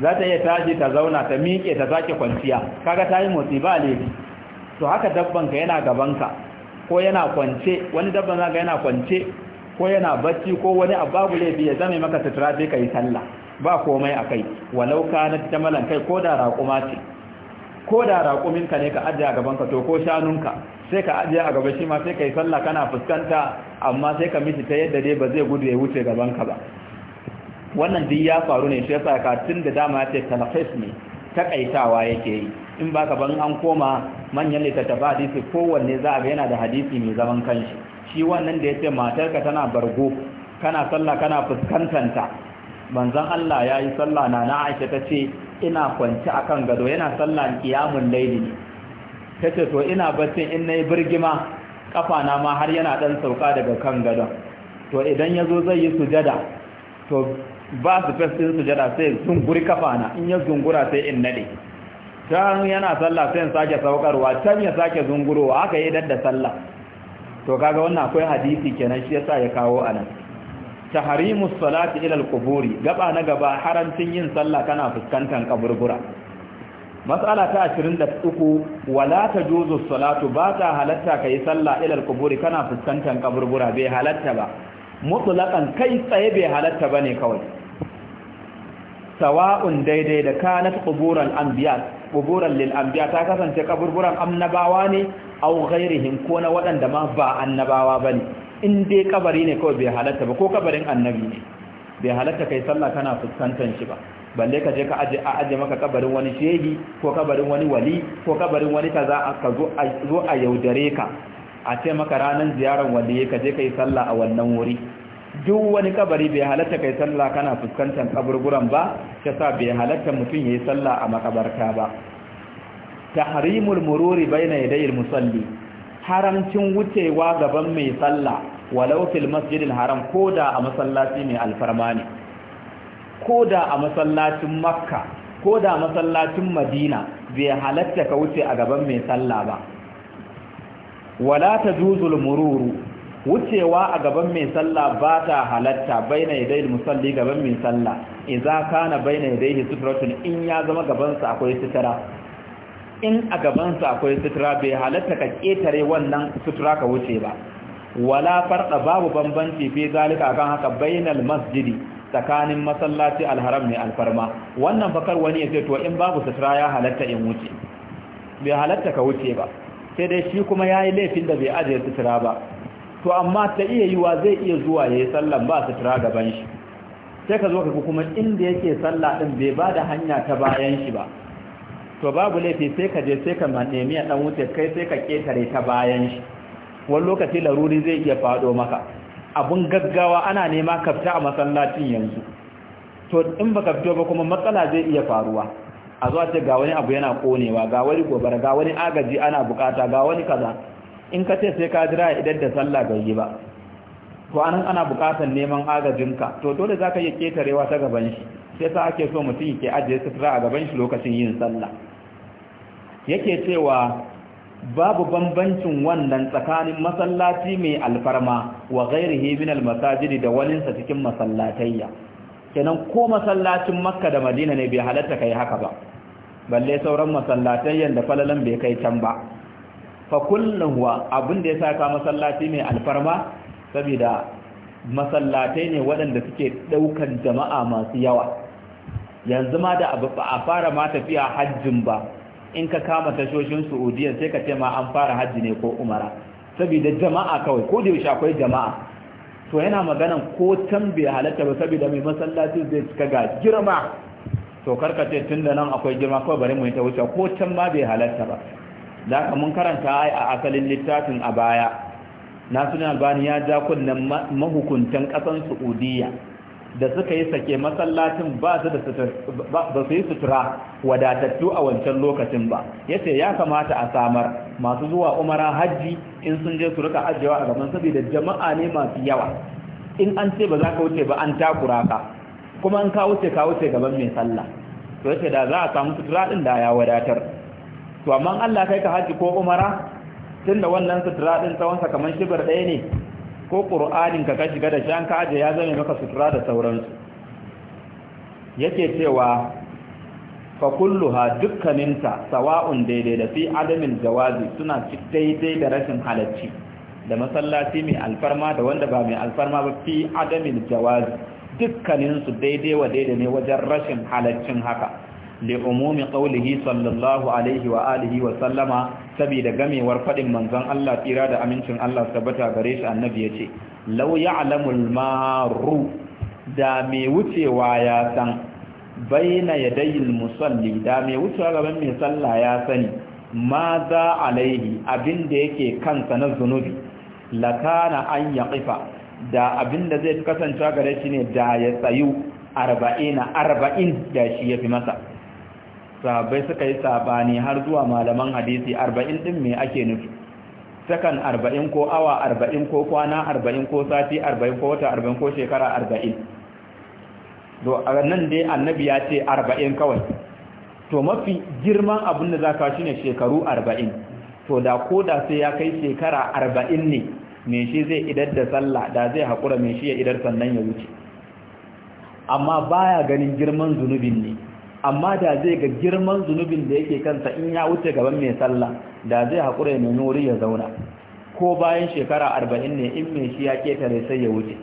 za ta iya tashi ta zauna ta miƙe ta sake kwanciya kaga ta yi motsi ba laifi to haka dabban ka yana gaban ka, ko yana kwance wani dabban zaka yana kwance ko yana bacci ko wani babu laifi ya zame maka sutura sai ka yi sallah ba komai a kai walau ka na tamalan kai ko da raƙuma ce ko da raƙuminka ne ka ajiye ka, to ko shanun ka sai ka ajiye a gaba shi ma sai ka yi sallah kana fuskanta amma sai ka mishi ta yadda dai ba zai gudu ya wuce gaban ka ba wannan duk ya faru ne shi yasa ka tun da dama ya ce talafis ne takaitawa yake yi in ba ka ban an koma manyan littattafa hadisi kowanne za a ga yana da hadisi mai zaman kanshi shi wannan da ya ce ka tana bargo kana sallah kana fuskantanta manzon Allah ya yi sallah na na Aisha ta ce ina kwance akan gado yana sallah kiyamun laili ne ta ce to ina bacin in na yi birgima na ma har yana ɗan sauka daga kan gadon to idan ya zo zai yi sujada to ba su festin sujada sai zunguri na, in ya zungura sai in naɗe can yana sallah sai sake saukarwa can ya sake zungurowa aka yi dadda sallah to kaga wannan akwai hadisi kenan shi yasa ya kawo anan tahrimus salati ila al-quburi gaba na gaba haramcin yin sallah kana fuskantar kaburbura matsala ta 23 wala ta juzu salatu ba ta halatta ka yi sallah ilal kuburi kana fuskantar kaburbura bai halatta ba mutulakan kai tsaye bai halatta ba ne kawai sawa'un daidai da kanat kuburan anbiya kuburan lil anbiya ta kasance kaburburan annabawa ne au ghairihim ko na waɗanda ma ba annabawa bane in dai kabari ne kawai bai halatta ba ko kabarin annabi ne bai halatta kai sallah kana fuskantar shi ba balle ka je ka aje a aje maka kabarin wani shehi ko kabarin wani wali ko kabarin wani kaza ka zo a zo a yaudare ka a ce maka ranar ziyarar wali ka je yi sallah a wannan wuri duk wani kabari bai halatta kai sallah kana fuskantar kaburburan ba sa bai halatta mutum ya yi sallah a makabarta ba tahrimul mururi bayna yadayil musalli haramcin wucewa gaban mai sallah walau fil masjidin haram da a masallaci mai alfarma ne Koda a masallacin makka koda da masallacin madina bai halatta ka wuce a gaban mai sallah ba wala ta juzul mururu wucewa a gaban mai sallah ba ta halatta baina yadayil musalli gaban mai sallah idza kana baina yadayhi sutratun in ya zama gaban sa akwai sutura in a gaban sa akwai sutura bai halatta ka ƙetare wannan sutura ka wuce ba wala farda babu bambanci fi zalika akan haka bainal masjidi tsakanin masallaci alharam ne alfarma wannan fakar wani ya ce to in babu sutura ya halatta in wuce bai halatta ka wuce ba sai dai shi kuma ya yi laifin da bai ajiye sutura ba to amma ta iya yiwa zai iya zuwa yayi yi sallan ba sutura gaban shi sai ka zo ka kuma inda yake sallah din bai ba da hanya ta bayan shi ba to babu laifi sai ka je sai ka nemi ya dan wuce kai sai ka ketare ta bayan shi wani lokaci laruri zai iya faɗo maka abun gaggawa ana nema kafta a masallacin yanzu to in ba kafto ba kuma matsala zai iya faruwa a zuwa ce ga wani abu yana konewa ga wani gobara ga wani agaji ana bukata ga wani kaza in ka ce sai ka jira idan da sallah bai yi ba to anan ana bukatar neman agajinka to dole zaka iya ketarewa ta gaban shi sai sa ake so mutum yake ajiye sutura a gaban shi lokacin yin sallah yake cewa babu bambancin wannan tsakanin masallaci mai alfarma wa ghairihi min almasajidi da walinsa cikin masallatayya kenan ko masallacin makka da madina ne bai halatta kai haka ba balle sauran masallatayyan da falalan bai kai can ba fa kullun wa abin da ya saka masallaci mai alfarma saboda masallatai ne waɗanda suke ɗaukan jama'a masu yawa yanzu ma da abu ba a fara ma tafiya hajjin ba in ka kama tashoshin Saudiya sai ka ce ma an fara hajji ne ko umara saboda jama'a kawai ko da yaushe akwai jama'a to yana maganan ko bai halatta ba saboda mai masallaci zai cika ga girma to karka tun da nan akwai girma kawai bari mu yi ta wuce ko can ma bai halatta ba da haka mun karanta ai a asalin littafin a baya na sunan albani ya ja kunnen mahukuntan kasan su'udiyya. da suka yi sake masallacin ba su da ba su yi sutura wadatattu a wancan lokacin ba yace ya kamata a samar masu zuwa umara hajji in sun je su rika ajewa a gaban saboda jama'a ne masu yawa in an ce ba za ka wuce ba an takura ka kuma an ka wuce ka wuce gaban mai sallah to yace da za a samu sutura din da ya wadatar to amma Allah kai ka hajji ko umara tunda wannan sutura din tsawon sa kamar shibar ɗaya ne ko ƙur'anin ka shiga da shan ka aje ya zame maka sutura da sauransu yake cewa fa kulluha dukkaninta sawa'un daidai da fi adamin jawazi suna daidai da rashin halacci da masallaci mai alfarma da wanda ba mai alfarma ba fi adamin jawazi dukkaninsu daidai wa daidai ne wajen rashin halaccin haka li umumi qawlihi sallallahu alaihi wa wa sallama saboda gamewar faɗin manzon Allah tsira da amincin Allah tabbata gare shi annabi yace law ya'lamul maru da me wucewa ya san baina yadayil musalli da me wucewa gaban mai sallah ya sani ma za alaihi abinda yake kansa na zunubi lakana an ƙifa, da abin da zai kasance gare shine da ya tsayu arba'in arba'in da shi ya fi masa sahabbai suka yi sabani har zuwa malaman hadisi arba'in din me ake nufi sakan arba'in ko awa arba'in ko kwana arba'in ko sati arba'in ko wata arba'in ko shekara arba'in do nan dai annabi ya ce arba'in kawai to mafi girman abin da za ka shi ne shekaru arba'in to da ko da sai ya kai shekara arba'in ne me shi zai idar da sallah da zai haƙura me shi ya idar sannan ya wuce amma baya ganin girman zunubin ne amma da zai ga girman zunubin da yake kansa in ya wuce gaban mai sallah da zai haƙura mai nuri ya zauna ko bayan shekara arba'in ne in mai shi ya ketare sai ya wuce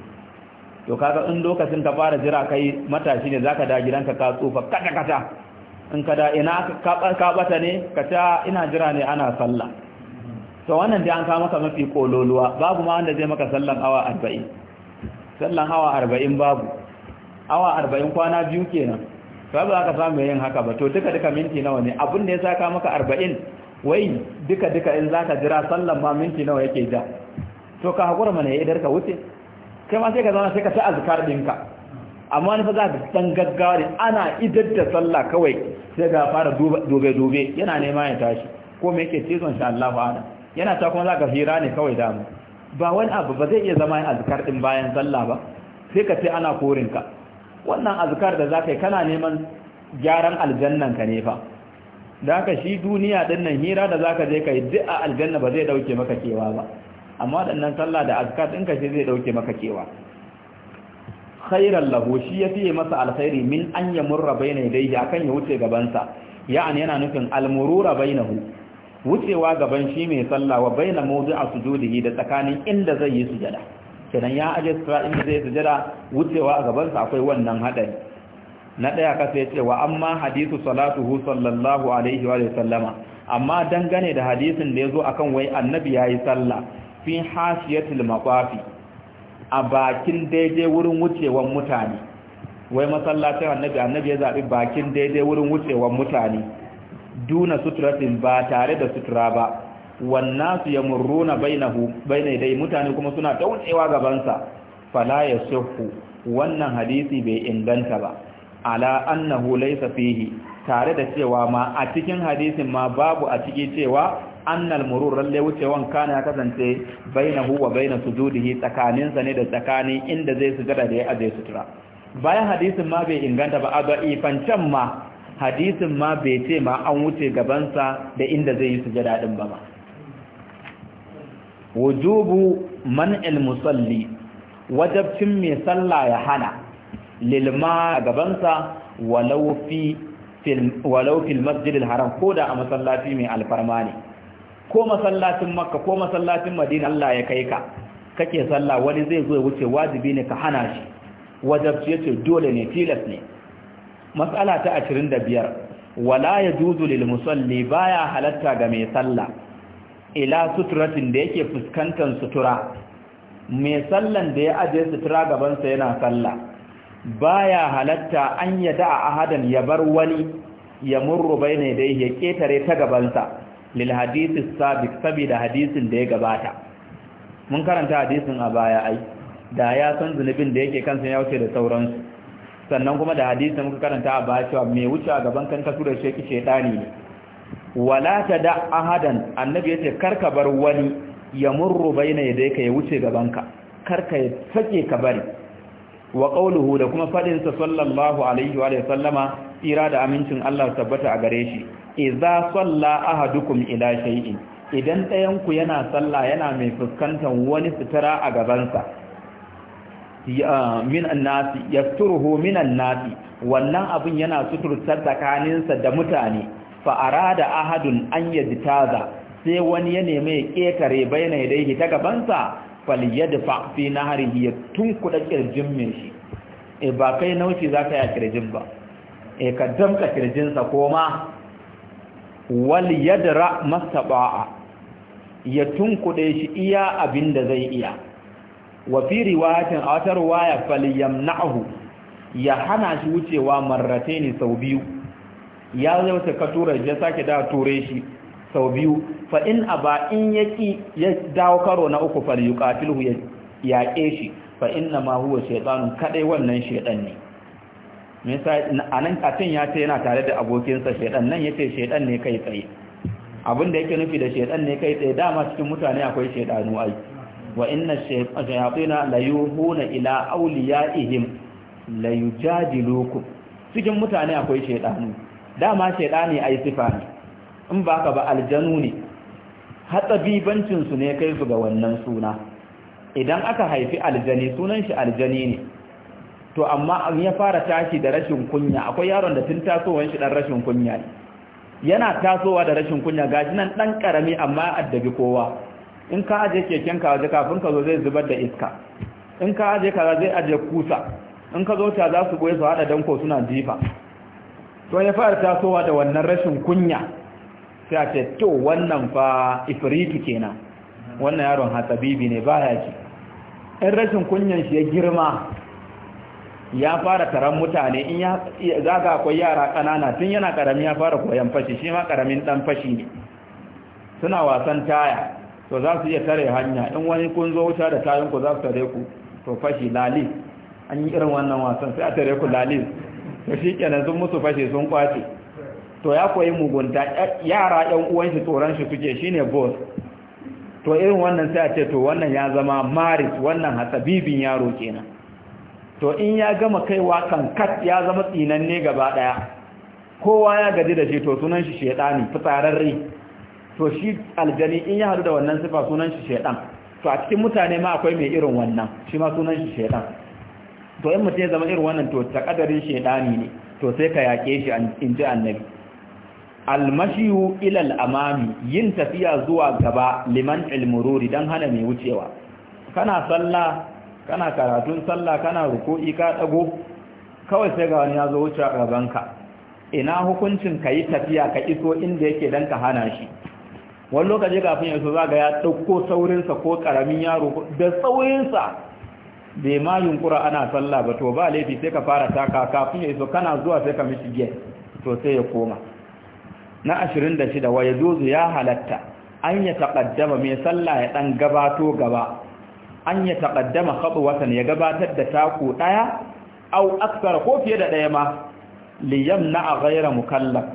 to kaga in lokacin ka fara jira kai matashi ne zaka da gidanka ka tsufa kata kata in ka da ina ka bata ne ka ta ah, ina jira ne ana sallah to wannan dai an kawo maka mafi kololuwa babu ma wanda zai maka sallan awa arba'in sallan awa arba'in babu awa arba'in kwana biyu kenan ba ba ka samu yin haka ba to duka duka minti nawa ne abin da ya saka maka arba'in wai duka duka in za ka jira sallan ma minti nawa yake da to ka hakura mana ya eh, idar ka wuce kai ma sai ka zauna sai ka ta azkar ɗinka amma fa za ka ɗan gaggawa ne ana idar da sallah kawai sai ga fara dube-dube yana nema ya tashi ko me yake cizon shi Allah ba ana yana ta kuma za ka hira ne kawai mu ba wani abu ba zai iya zama yin azkar ɗin bayan sallah ba sai ka ce ana korinka wannan azkar da za ka yi kana neman gyaran aljannan ka ne fa da haka shi duniya din nan hira da za ka je ka yi duk a aljanna ba zai dauke maka kewa ba amma waɗannan sallah da azkar ka shi zai dauke maka kewa khairan lahu shi ya fiye masa alkhairi min an ya murra bayna yadayhi akan ya wuce gabansa ya'ani yana nufin almurura bainahu wucewa gaban shi mai sallah wa baina a sujudihi da tsakanin inda zai yi sujada kenan ya aje isra'il da zai sujada wucewa a gaban gabansa akwai wannan haɗari na ɗaya ka ya cewa amma hadisu salatuhu sallallahu alaihi wa sallama amma dangane da hadisin da ya zo akan wai annabi ya yi sallah fi hasiyatil maqafi a bakin daidai wurin wucewan mutane wai masallacin annabi annabi ya zabi bakin daidai wurin wucewan mutane duna suturatin ba tare da sutura ba wannasu ya bainahu bainai dai mutane kuma suna tautsewa gabansa fala yasihhu wannan hadisi bai inganta ba ala annahu laysa fihi tare da cewa ma a cikin hadisin ma babu a ciki cewa annal murur lalle wucewan kana ya kasance bainahu wa baina sujudihi tsakaninsa ne da tsakani inda zai sujada da ya aje sutura bayan hadisin ma bai inganta ba a ga ifancan ma hadisin ma bai ce ma an wuce gabansa da inda zai yi sujada din ba ma wujubu man'il musalli wajabcin mai sallah ya hana lilma gabansa walau fi fil haram ko da a masallaci mai alfarma ne ko masallacin makka ko masallacin madina Allah ya kai ka kake sallah wani zai zo ya wuce wajibi ne ka hana shi wajabci yace dole ne tilas ne mas'ala ta 25 wala yajuzu lil musalli baya halatta ga mai sallah ila suturatin da yake fuskantar sutura mai sallan da ya ajiye sutura gabansa yana sallah baya halatta an yada a ahadan ya bar wani ya murru ne dai ya ketare ta gabansa lil hadisi sabik saboda hadisin da ya gabata mun karanta hadisin a baya ai da ya san zunubin da yake kansa ya wuce da sauransu sannan kuma da hadisin muka karanta a baya cewa mai wuce a gaban kan kasu da shi ne wala ta da ahadan annabi yace karka bar wani ya murru baina ka ya wuce gabanka karka ya sake ka bari wa qawluhu da kuma fadin sa sallallahu alaihi wa sallama tsira da amincin Allah tabbata a gare shi idza salla ahadukum ila shay'in idan ɗayan ku yana sallah yana mai fuskantar wani sutura a gabansa min annasi yasturuhu min annasi wannan abin yana suturta tsakaninsa da mutane Fa'ara da ahadun an yajtaza sai wani ya nemi ya ketare baina yadayhi ta gabansa fa'afi fi nahrihi ya tunkuda kirjin mai shi e ba kai ka zaka ya kirjin ba e ka damka ƙirjinsa koma wal yadra mastaba'a ya tunkuɗe shi iya abinda zai iya wa fi riwayatin atar waya falyamnahu ya hana shi wucewa marrataini sau biyu ya zauta ka tura ya sake da ture shi sau biyu fa in aba in yaki ya dawo karo na uku fa yuqatilhu ya yaƙe shi fa inna ma huwa shaytanun kadai wannan shaytan ne me yasa anan katin ya ce yana tare da abokinsa shaytan nan yace shaytan ne kai tsaye abinda da yake nufi da shaytan ne kai tsaye dama cikin mutane akwai shaytanu ai wa inna shayatina la yuhuna ila awliyaihim la yujadilukum cikin mutane akwai shaytanu dama shaidani ai sifa ne in ba ka ba aljanu ne hatsabibancinsu ne kai su ga wannan suna idan aka haifi aljani sunan shi aljani ne to amma an ya fara tashi da rashin kunya akwai yaron da tun tasowar shi dan rashin kunya ne yana tasowa da rashin kunya gashi nan dan karami amma addabi kowa in ka aje keken ka waje kafin ka zo zai zubar da iska in ka aje ka zai aje kusa in ka zo ta za su goye su hada danko suna jifa to ya fara tasowa da wannan rashin kunya sai a ce to wannan fa ifiritu kenan wannan yaron hasabibi ne ba ya ji in rashin kunyan shi ya girma ya fara taron mutane in ya zaga akwai yara kanana tun yana karami ya fara koyan fashi shi ma karamin dan fashi ne suna wasan taya to za su iya tare hanya in wani kun zo wuta da tayanku za su tare ku to fashi lalis an yi irin wannan wasan sai a tare ku lalis to shi kenan sun musu fashe sun kwace to ya koyi mugunta yara yan uwan shi tsoron shi suke shine boss to irin wannan sai a ce to wannan ya zama maris wannan hasabibin yaro kenan to in ya gama kaiwa kan kat ya zama tsinanne gaba daya kowa ya gaji da shi to sunan shi shedani fitsararre to shi aljani in ya hadu da wannan sifa sunan shi shedan to a cikin mutane ma akwai mai irin wannan shi ma sunan shi shedan to in mutum ya zama irin wannan to ta kadarin shaidani ne to sai ka yaƙe shi in ji annabi almashiyu ilal amami yin tafiya zuwa gaba liman ilmururi don hana mai wucewa kana sallah kana karatun sallah kana ruku'i ka ɗago? kawai sai ga wani ya zo wuce gabanka ina hukuncin ka yi tafiya ka iso inda yake don ka hana shi wani lokaci kafin ya so za ga ya ɗauko saurinsa ko ƙaramin yaro da saurinsa bai ma yunkura ana sallah ba to ba laifi sai ka fara taka kafin ya iso kana zuwa sai ka mishi gate to sai ya koma na 26 wa zozu ya halatta an ya taƙaddama mai sallah ya ɗan gabato gaba an ya Haɗu watan ya gabatar da taku ɗaya. au aksar ko fiye da ɗaya ma Liyam na gaira mu mukallaf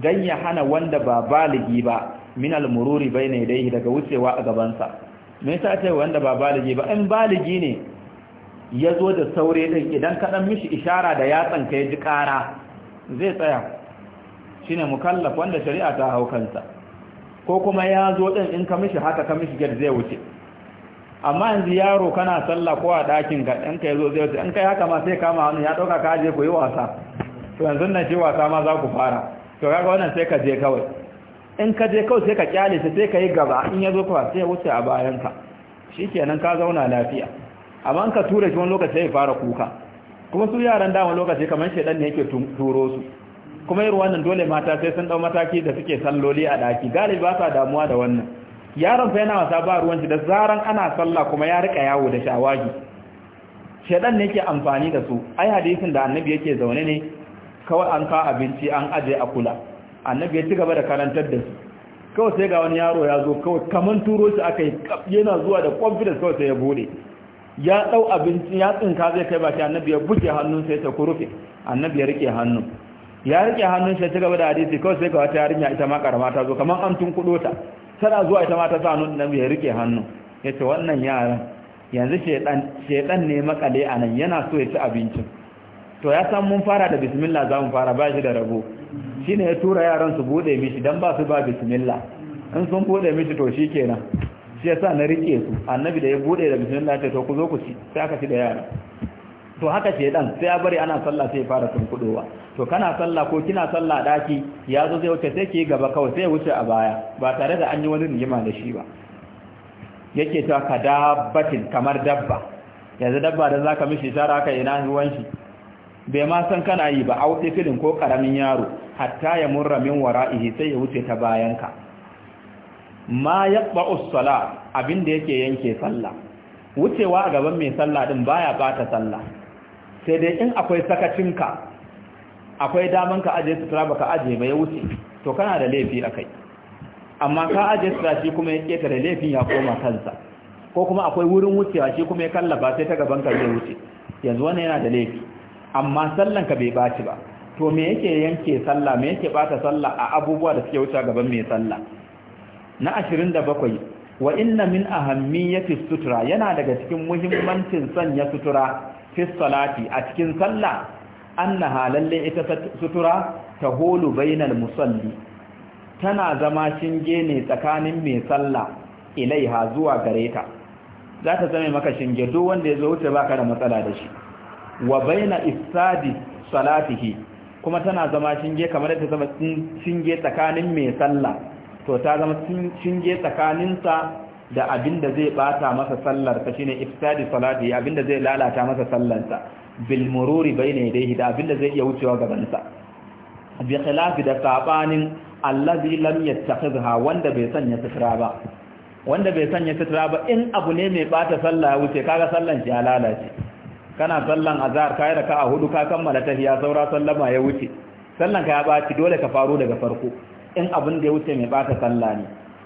dan ya hana wanda ba baligi ba min almururi bayna yadayhi daga wucewa a gabansa me yasa ce wanda ba baligi ba in baligi ne ya zo da saure ɗin idan kaɗan mishi ishara da yatsan ka ya ji ƙara zai tsaya shi ne mukallaf wanda shari'a ta hau kansa ko kuma ya zo ɗin in ka mishi haka ka mishi gyar zai wuce amma yanzu yaro kana sallah ko a ɗakin ka ɗan ka ya zo zai wuce in kai haka ma sai kama hannu ya ɗauka ka je ku yi wasa to yanzu nan shi wasa ma za ku fara to kaga wannan sai ka je kawai in ka je kawai sai ka kyale ta sai ka yi gaba in ya zo kawai sai ya wuce a bayanka shikenan ka zauna lafiya amma ka tura shi wani lokaci ya fara kuka kuma su yaran dama lokaci kamar shedan ne yake turo su kuma irin wannan dole mata sai sun dau mataki da suke salloli a daki galibi ba sa damuwa da wannan yaron fa yana wasa ba ruwan shi da zaran ana sallah kuma ya rika yawo da shawagi shedan ne yake amfani da su ai hadisin da annabi yake zaune ne kawai an ka abinci an aje a kula annabi ya ci gaba da karantar da su kawai sai ga wani yaro ya zo kawai kaman turo shi aka yi yana zuwa da confidence kawai sai ya bude ya dau abinci ya tsinka zai kai baki annabi ya buke hannun sai ta kurufe annabi ya rike hannun ya rike hannun sai ta gaba da hadisi kawai sai ka wata yarinya ita ma karama ta zo kaman an tun kudo ta tana zuwa ita ma ta sa hannun annabi ya rike hannun yace wannan yaran yanzu shedan shedan ne makale anan yana so ya ci abinci to ya san mun fara da bismillah za mu fara ba shi da rabo shine ya tura yaran su bude mishi dan ba su ba bismillah in sun bude mishi to shikenan shi yasa na rike su annabi da ya bude da bismillah ta to ku zo ku ci sai aka ci da yara to haka ce dan sai ya bari ana sallah sai ya fara kudowa to kana sallah ko kina sallah daki ya zo zai wuce sai ke gaba kawai sai ya wuce a baya ba tare da an yi wani rigima da shi ba yake cewa ka dabbatin kamar dabba yanzu dabba da zaka mishi shara ka ina ruwan shi bai ma san kana yi ba filin ko karamin yaro hatta ya murra min wara'ihi sai ya wuce ta bayanka ma yaqba'u sala da yake yanke sallah wucewa a gaban mai sallah din baya bata sallah sai dai in akwai sakacinka akwai daman ka aje sutura baka aje ba ya wuce to kana da laifi akai amma ka aje sutura shi kuma ya keta da laifin ya koma kansa ko kuma akwai wurin wucewa shi kuma ya kallaba sai ta gaban ka zai wuce yanzu wannan yana da laifi amma sallan ka bai baci ba to me yake yanke sallah me yake bata sallah a abubuwa da suke wuce gaban mai sallah na 27 wa inna min ahammiyati sutura yana daga cikin muhimmancin sanya sutura fi salati a cikin sallah annaha lalle ita sutura ta holu bainal musalli tana zama shinge ne tsakanin mai sallah ilaiha zuwa gareta. za ta zama maka shinge duk wanda ya zo wuce baka da matsala da shi wa baina ifsadi salatihi kuma tana zama shinge kamar ta zama shinge tsakanin mai sallah to ta zama je tsakaninsa da abin da zai bata masa sallar, ta shine ifsadi salati abin da zai lalata masa sallarsa bil mururi bayna yadayhi da abin da zai iya wucewa gabansa bi khilafi da sabanin allazi lam yattakhidha wanda bai sanya sitra ba wanda bai sanya sitra ba in abu ne mai bata sallah ya wuce kaga sallan shi ya lalace kana sallan azhar kai raka'a hudu ka kammala tahiyya saura sallama ya wuce sallan ka ya baci dole ka faro daga farko in abin da ya wuce mai bata sallah ne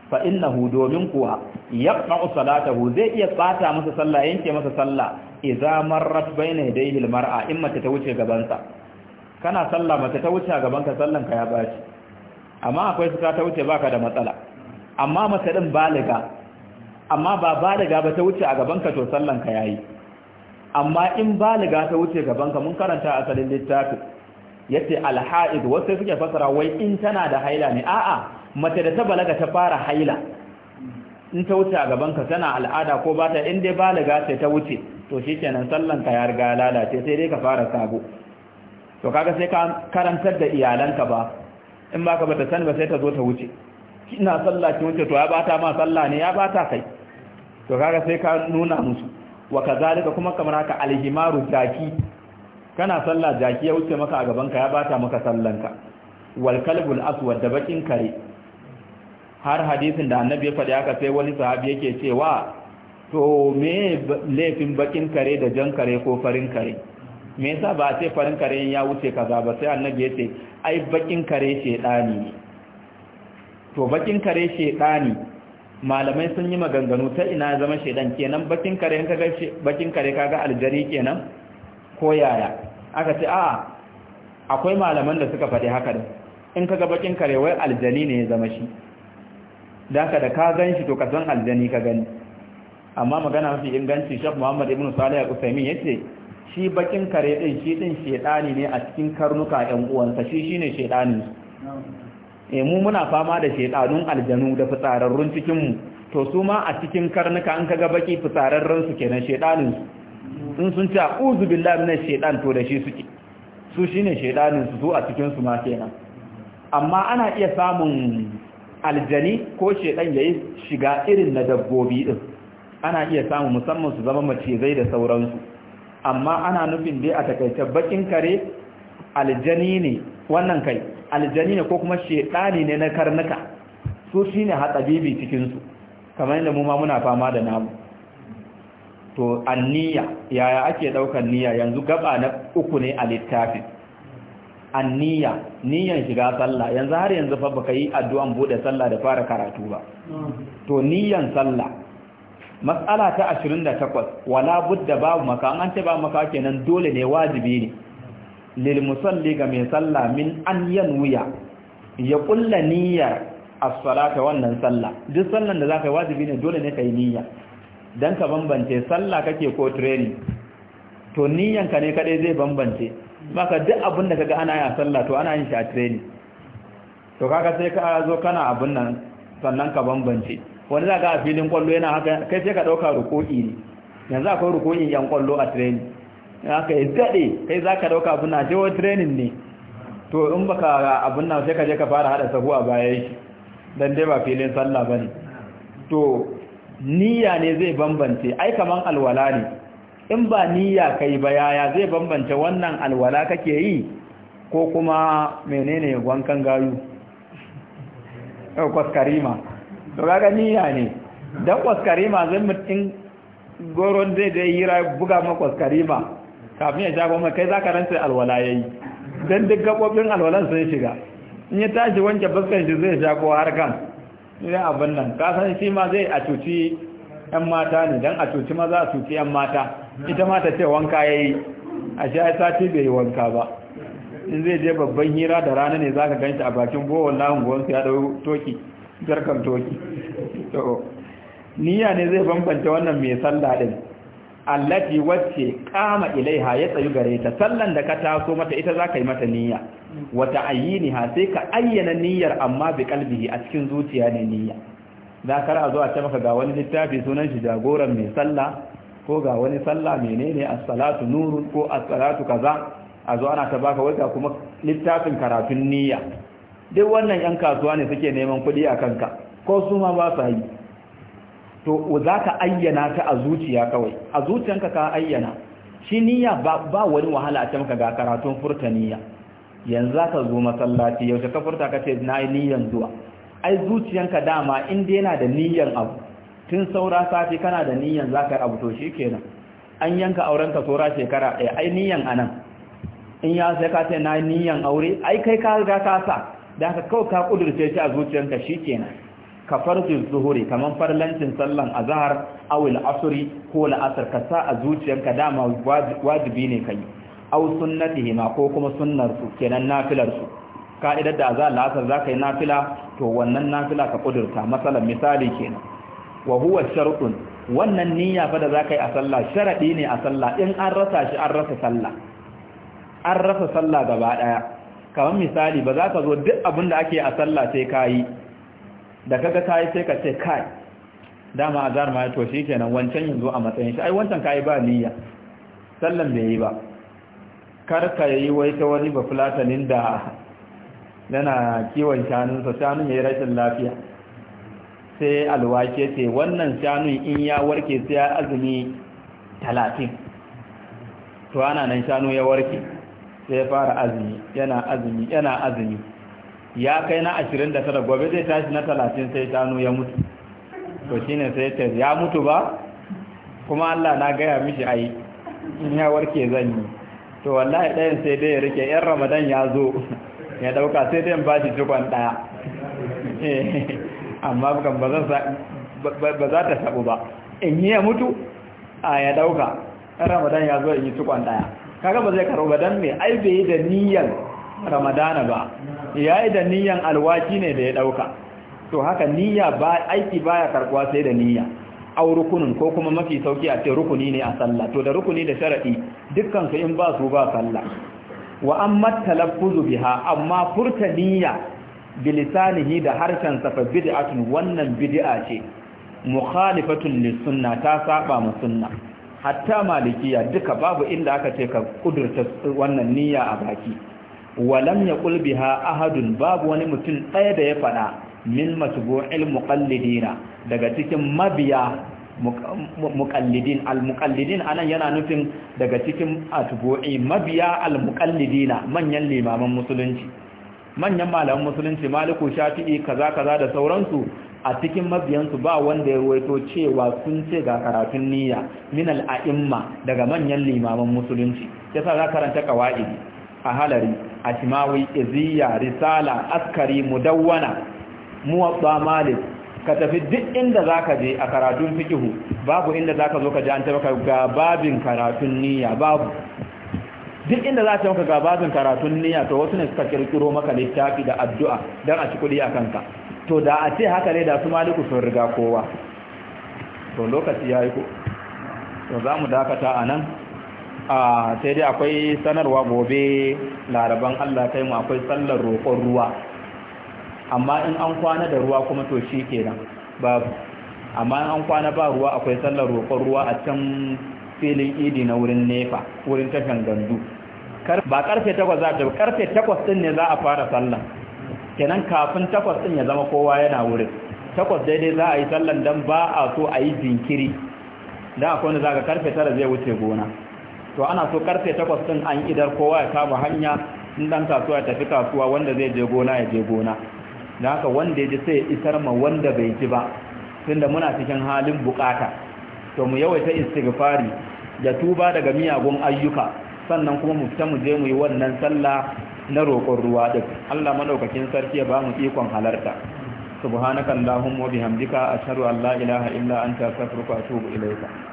fa innahu domin kuwa yaqta'u salatahu zai iya tsata masa sallah yanke masa sallah idza marrat baina yadayhi almar'a in mace ta wuce gaban sa kana sallah mace ta wuce gaban ka sallan ka ya baci amma akwai suka ta wuce baka da matsala amma mace din baliga amma ba baliga ba ta wuce a gaban ka to sallan ka yayi amma in baliga ta wuce gaban ka mun karanta asalin littafin yace alha'id wasu suke fasara wai in tana da haila ne a'a mace da ta balaga ta fara haila in ta wuce a gaban ka tana al'ada ko ba ta in dai balaga sai ta wuce to shikenan sallan ka ya riga lalace sai dai ka fara sabo to kaga sai ka karantar da iyalanka ba in baka bata san ba sai ta zo ta wuce ina sallah ki wuce to ya bata ma sallah ne ya bata kai to kaga sai ka nuna musu wa kazalika kuma kamar haka alhimaru zaki kana sallah jaki ya wuce maka a gabanka ya bata maka sallanka wal kalbul aswad da bakin kare har hadisin da annabi ya faɗi aka sai wani sahabi yake cewa to me laifin bakin kare da jan kare ko farin kare me yasa ba a ce farin kare ya wuce kaza ba sai annabi ya ce ai bakin kare shedani ne to bakin kare shedani malamai sun yi maganganu ta ina zama shedan kenan bakin kare in ga bakin kare kaga aljari kenan ko yaya aka ce a'a akwai malaman da suka faɗi haka da in kaga bakin kare wai aljani ne ya zama shi da ka da ka gan to ka san aljani ka gani amma magana mafi inganci shaf muhammad ibn salih al-usaimin ce shi bakin kare din shi din shedani ne a cikin karnuka 'yan uwansa shi shine shedanin eh mu muna fama da shedanun aljanu da fitsararrun cikin mu to su ma a cikin karnuka an kaga baki fitsararrun su kenan shedanin su in sun ce a'udhu billahi minash shaitan to da shi suke su shine shaitanin su a cikinsu su ma kenan amma ana iya samun aljani ko shaitan yayi shiga irin na dabbobi din ana iya samun musamman su zama macizai da sauransu amma ana nufin dai a takaice bakin kare aljani ne wannan kai aljani ne ko kuma shedani ne na karnuka su shine hatsabibi cikin su kamar yadda mu ma muna fama da namu to anniya yaya ake daukar niyya yanzu gaba na uku ne a littafin anniya niyyan shiga sallah yanzu har yanzu fa baka yi addu'an bude sallah da fara karatu ba to niyyan sallah mas'ala ta 28 wala budda babu maka an ce ba maka kenan dole ne wajibi ne lil musalli ga mai sallah min an yanwiya ya kulla niyyar as-salata wannan sallah duk sallan da zaka wajibi ne dole ne kai niyya don ka bambance sallah kake ko training to niyanka ne kadai zai bambance maka duk abin da kaga ana yi a sallah to ana yin shi a training to kaga sai ka zo kana abin nan sannan ka bambance wani za ka a filin kwallo yana haka kai sai ka ɗauka ruku'i ne yanzu akwai ruku'in yan kwallo a training haka ya daɗe kai za ka ɗauka abin na cewa training ne to in baka abin nan sai ka je ka fara haɗa sahu a bayan shi don dai ba filin sallah ba ne to niyya ne zai bambance ai kaman alwala ne in ba niyya kai ba yaya zai bambance wannan alwala kake yi ko kuma menene wankan gayu kwaskarima to kaga niyya ne dan kwaskarima zai mutum goron zai da yira buga ma kwaskarima kafin ya sha goma kai zaka rantsa alwala yayi dan duk gabobin alwalan sun shiga in ya tashi wanke fuskan shi zai sha ko har kan idan abin nan kasan shi ma zai a cuci yan mata ne don a cuci maza a cuci yan mata ita ta ce wanka ya yi a shi ta sati bai yi wanka ba in zai je babban hira da rana ne za ka ganshi a bakin bowon lahun gowansu ya ɗau toki toki niyya ne zai bambanta wannan mai sallah ɗin allati wacce kama ilaiha ya tsayu gare ta sallan da ka taso mata ita za ka yi mata niyya wata ayyiniha sai ka ayyana niyyar amma bi kalbihi a cikin zuciya ne niyya za ka ra'a zuwa ta maka ga wani littafi sunan shi jagoran mai sallah ko ga wani sallah menene as-salatu nurun ko as-salatu kaza a zo ana ta baka wata kuma littafin karatun niyya duk wannan yan kasuwa ne suke neman kuɗi a kanka ko su ma ba sa yi to za ka ayyana ta a zuciya kawai a zuciyanka ka ayyana shi niyya ba wani wahala a can ka ga karatun furta niyya yanzu za ka zo masallaci yaushe ka furta ka ce na yi niyyan zuwa ai zuciyanka dama inda yana da niyyan abu tun saura sati kana da niyyan za ka yi abu to shi kenan an yanka aurenka saura shekara ɗaya ai niyyan a in ya sai ka ce na yi niyyan aure ai kai ka ga ka sa da haka kawai ka ƙudurce shi a zuciyanka shi kenan ka farzu zuhuri kaman farlancin sallan a zahar al-asri ko la'asar, ka sa a zuciyarka dama wajibi ne kai aw sunnatihi ma ko kuma sunnarsu kenan nafilarsu. ka'idar da azhar al-asr zaka yi nafila to wannan nafila ka kudurta matsalar. misali kenan wa huwa shartun wannan niyya fa da zaka yi a sallah sharaɗi ne a sallah in an rasa shi an rasa sallah an rasa sallah gaba ɗaya. kamar misali ba za ka zo duk abin da ake a sallah sai ka yi da kaga kayi sai ka ce kai dama azar ma ya toshe kenan wancan yanzu a matsayin shi ai wancan kayi ba niyya sallan bai yi ba kar ka yi wai ta wani ba fulatanin da yana kiwon shanunsa shanun ya yi rashin lafiya sai alwake ce wannan shanun in ya warke sai ya azumi talatin to ana nan shanu ya warke sai ya fara azumi yana azumi yana azumi ya kai na 29 gobe zai tashi na 30 sai shanu ya mutu to shine sai ta ya mutu ba kuma Allah na gaya mishi ai in ya warke zan yi to wallahi ɗayan sai dai ya rike yan ramadan ya zo ya dauka sai dai ba shi cikon ɗaya amma kan ba za ta sabu ba in yi ya mutu a ya dauka yan ramadan ya zo in yi cikon ɗaya kaga ba zai karo ba don me ai bai yi da niyyar ramadana ba ya yi da niyan alwaki ne da ya ɗauka to haka niyya ba aiki baya karkuwa sai da niyya au rukunin ko kuma mafi sauki a ce rukuni ne a sallah to da rukuni da sharaɗi dukkan in ba su ba sallah wa amma talaffuzu biha amma furta niyya bilisanihi da harshen sa fa bid'atun wannan bid'a ce mukhalifatun lisunna ta saba mu sunna hatta malikiya duka babu inda aka ce ka kudurta wannan niyya a baki walam ya biha ahadun babu wani mutum ɗaya da ya faɗa min matubu'il muqallidina daga cikin mabiya muqallidin al-muqallidin anan yana nufin daga cikin atbu'i mabiya al-muqallidina manyan limaman musulunci manyan malaman musulunci maliku shafi'i kaza kaza da sauransu a cikin mabiyansu ba wanda ya waito cewa sun ce ga karatun niyya min al-a'imma daga manyan limaman musulunci yasa za karanta qawaidi a halari ashimawi iziya risala askari mudawwana muwatta malik ka tafi duk inda zaka je a karatun fikihu babu inda zaka zo ka ji an tabbaka ga babin karatun niyya babu duk inda za ta maka ga babin karatun niyya to wasu ne suka kirkiro maka littafi da addu'a dan a ci kudi a kanka to da a ce haka ne da su maliku sun riga kowa to lokaci yayi ko to za mu dakata anan a sai dai akwai sanarwa gobe laraban Allah kai mu akwai sallar roƙon ruwa amma in an kwana da ruwa kuma to shi kenan babu amma in an kwana ba ruwa akwai sallar roƙon ruwa a can filin idi na wurin nefa wurin tashan gandu ba karfe takwas za ta karfe takwas din ne za a fara sallan kenan kafin takwas din ya zama kowa yana wurin takwas daidai za a yi sallan don ba a so a yi jinkiri don akwai wanda za ka karfe tara zai wuce gona to ana so karfe takwas din an idar kowa ya kama hanya in dan kasuwa ya tafi kasuwa wanda zai je gona ya je gona da haka wanda ya ji sai isar ma wanda bai ji ba tunda muna cikin halin bukata to mu yawaita istighfari da tuba daga miyagun ayyuka sannan kuma mu fita mu je mu yi wannan sallah na roƙon ruwa din Allah madaukakin sarki ya ba mu ikon halarta subhanakallahumma wa bihamdika ashhadu an la ilaha illa anta astaghfiruka wa atubu ilayka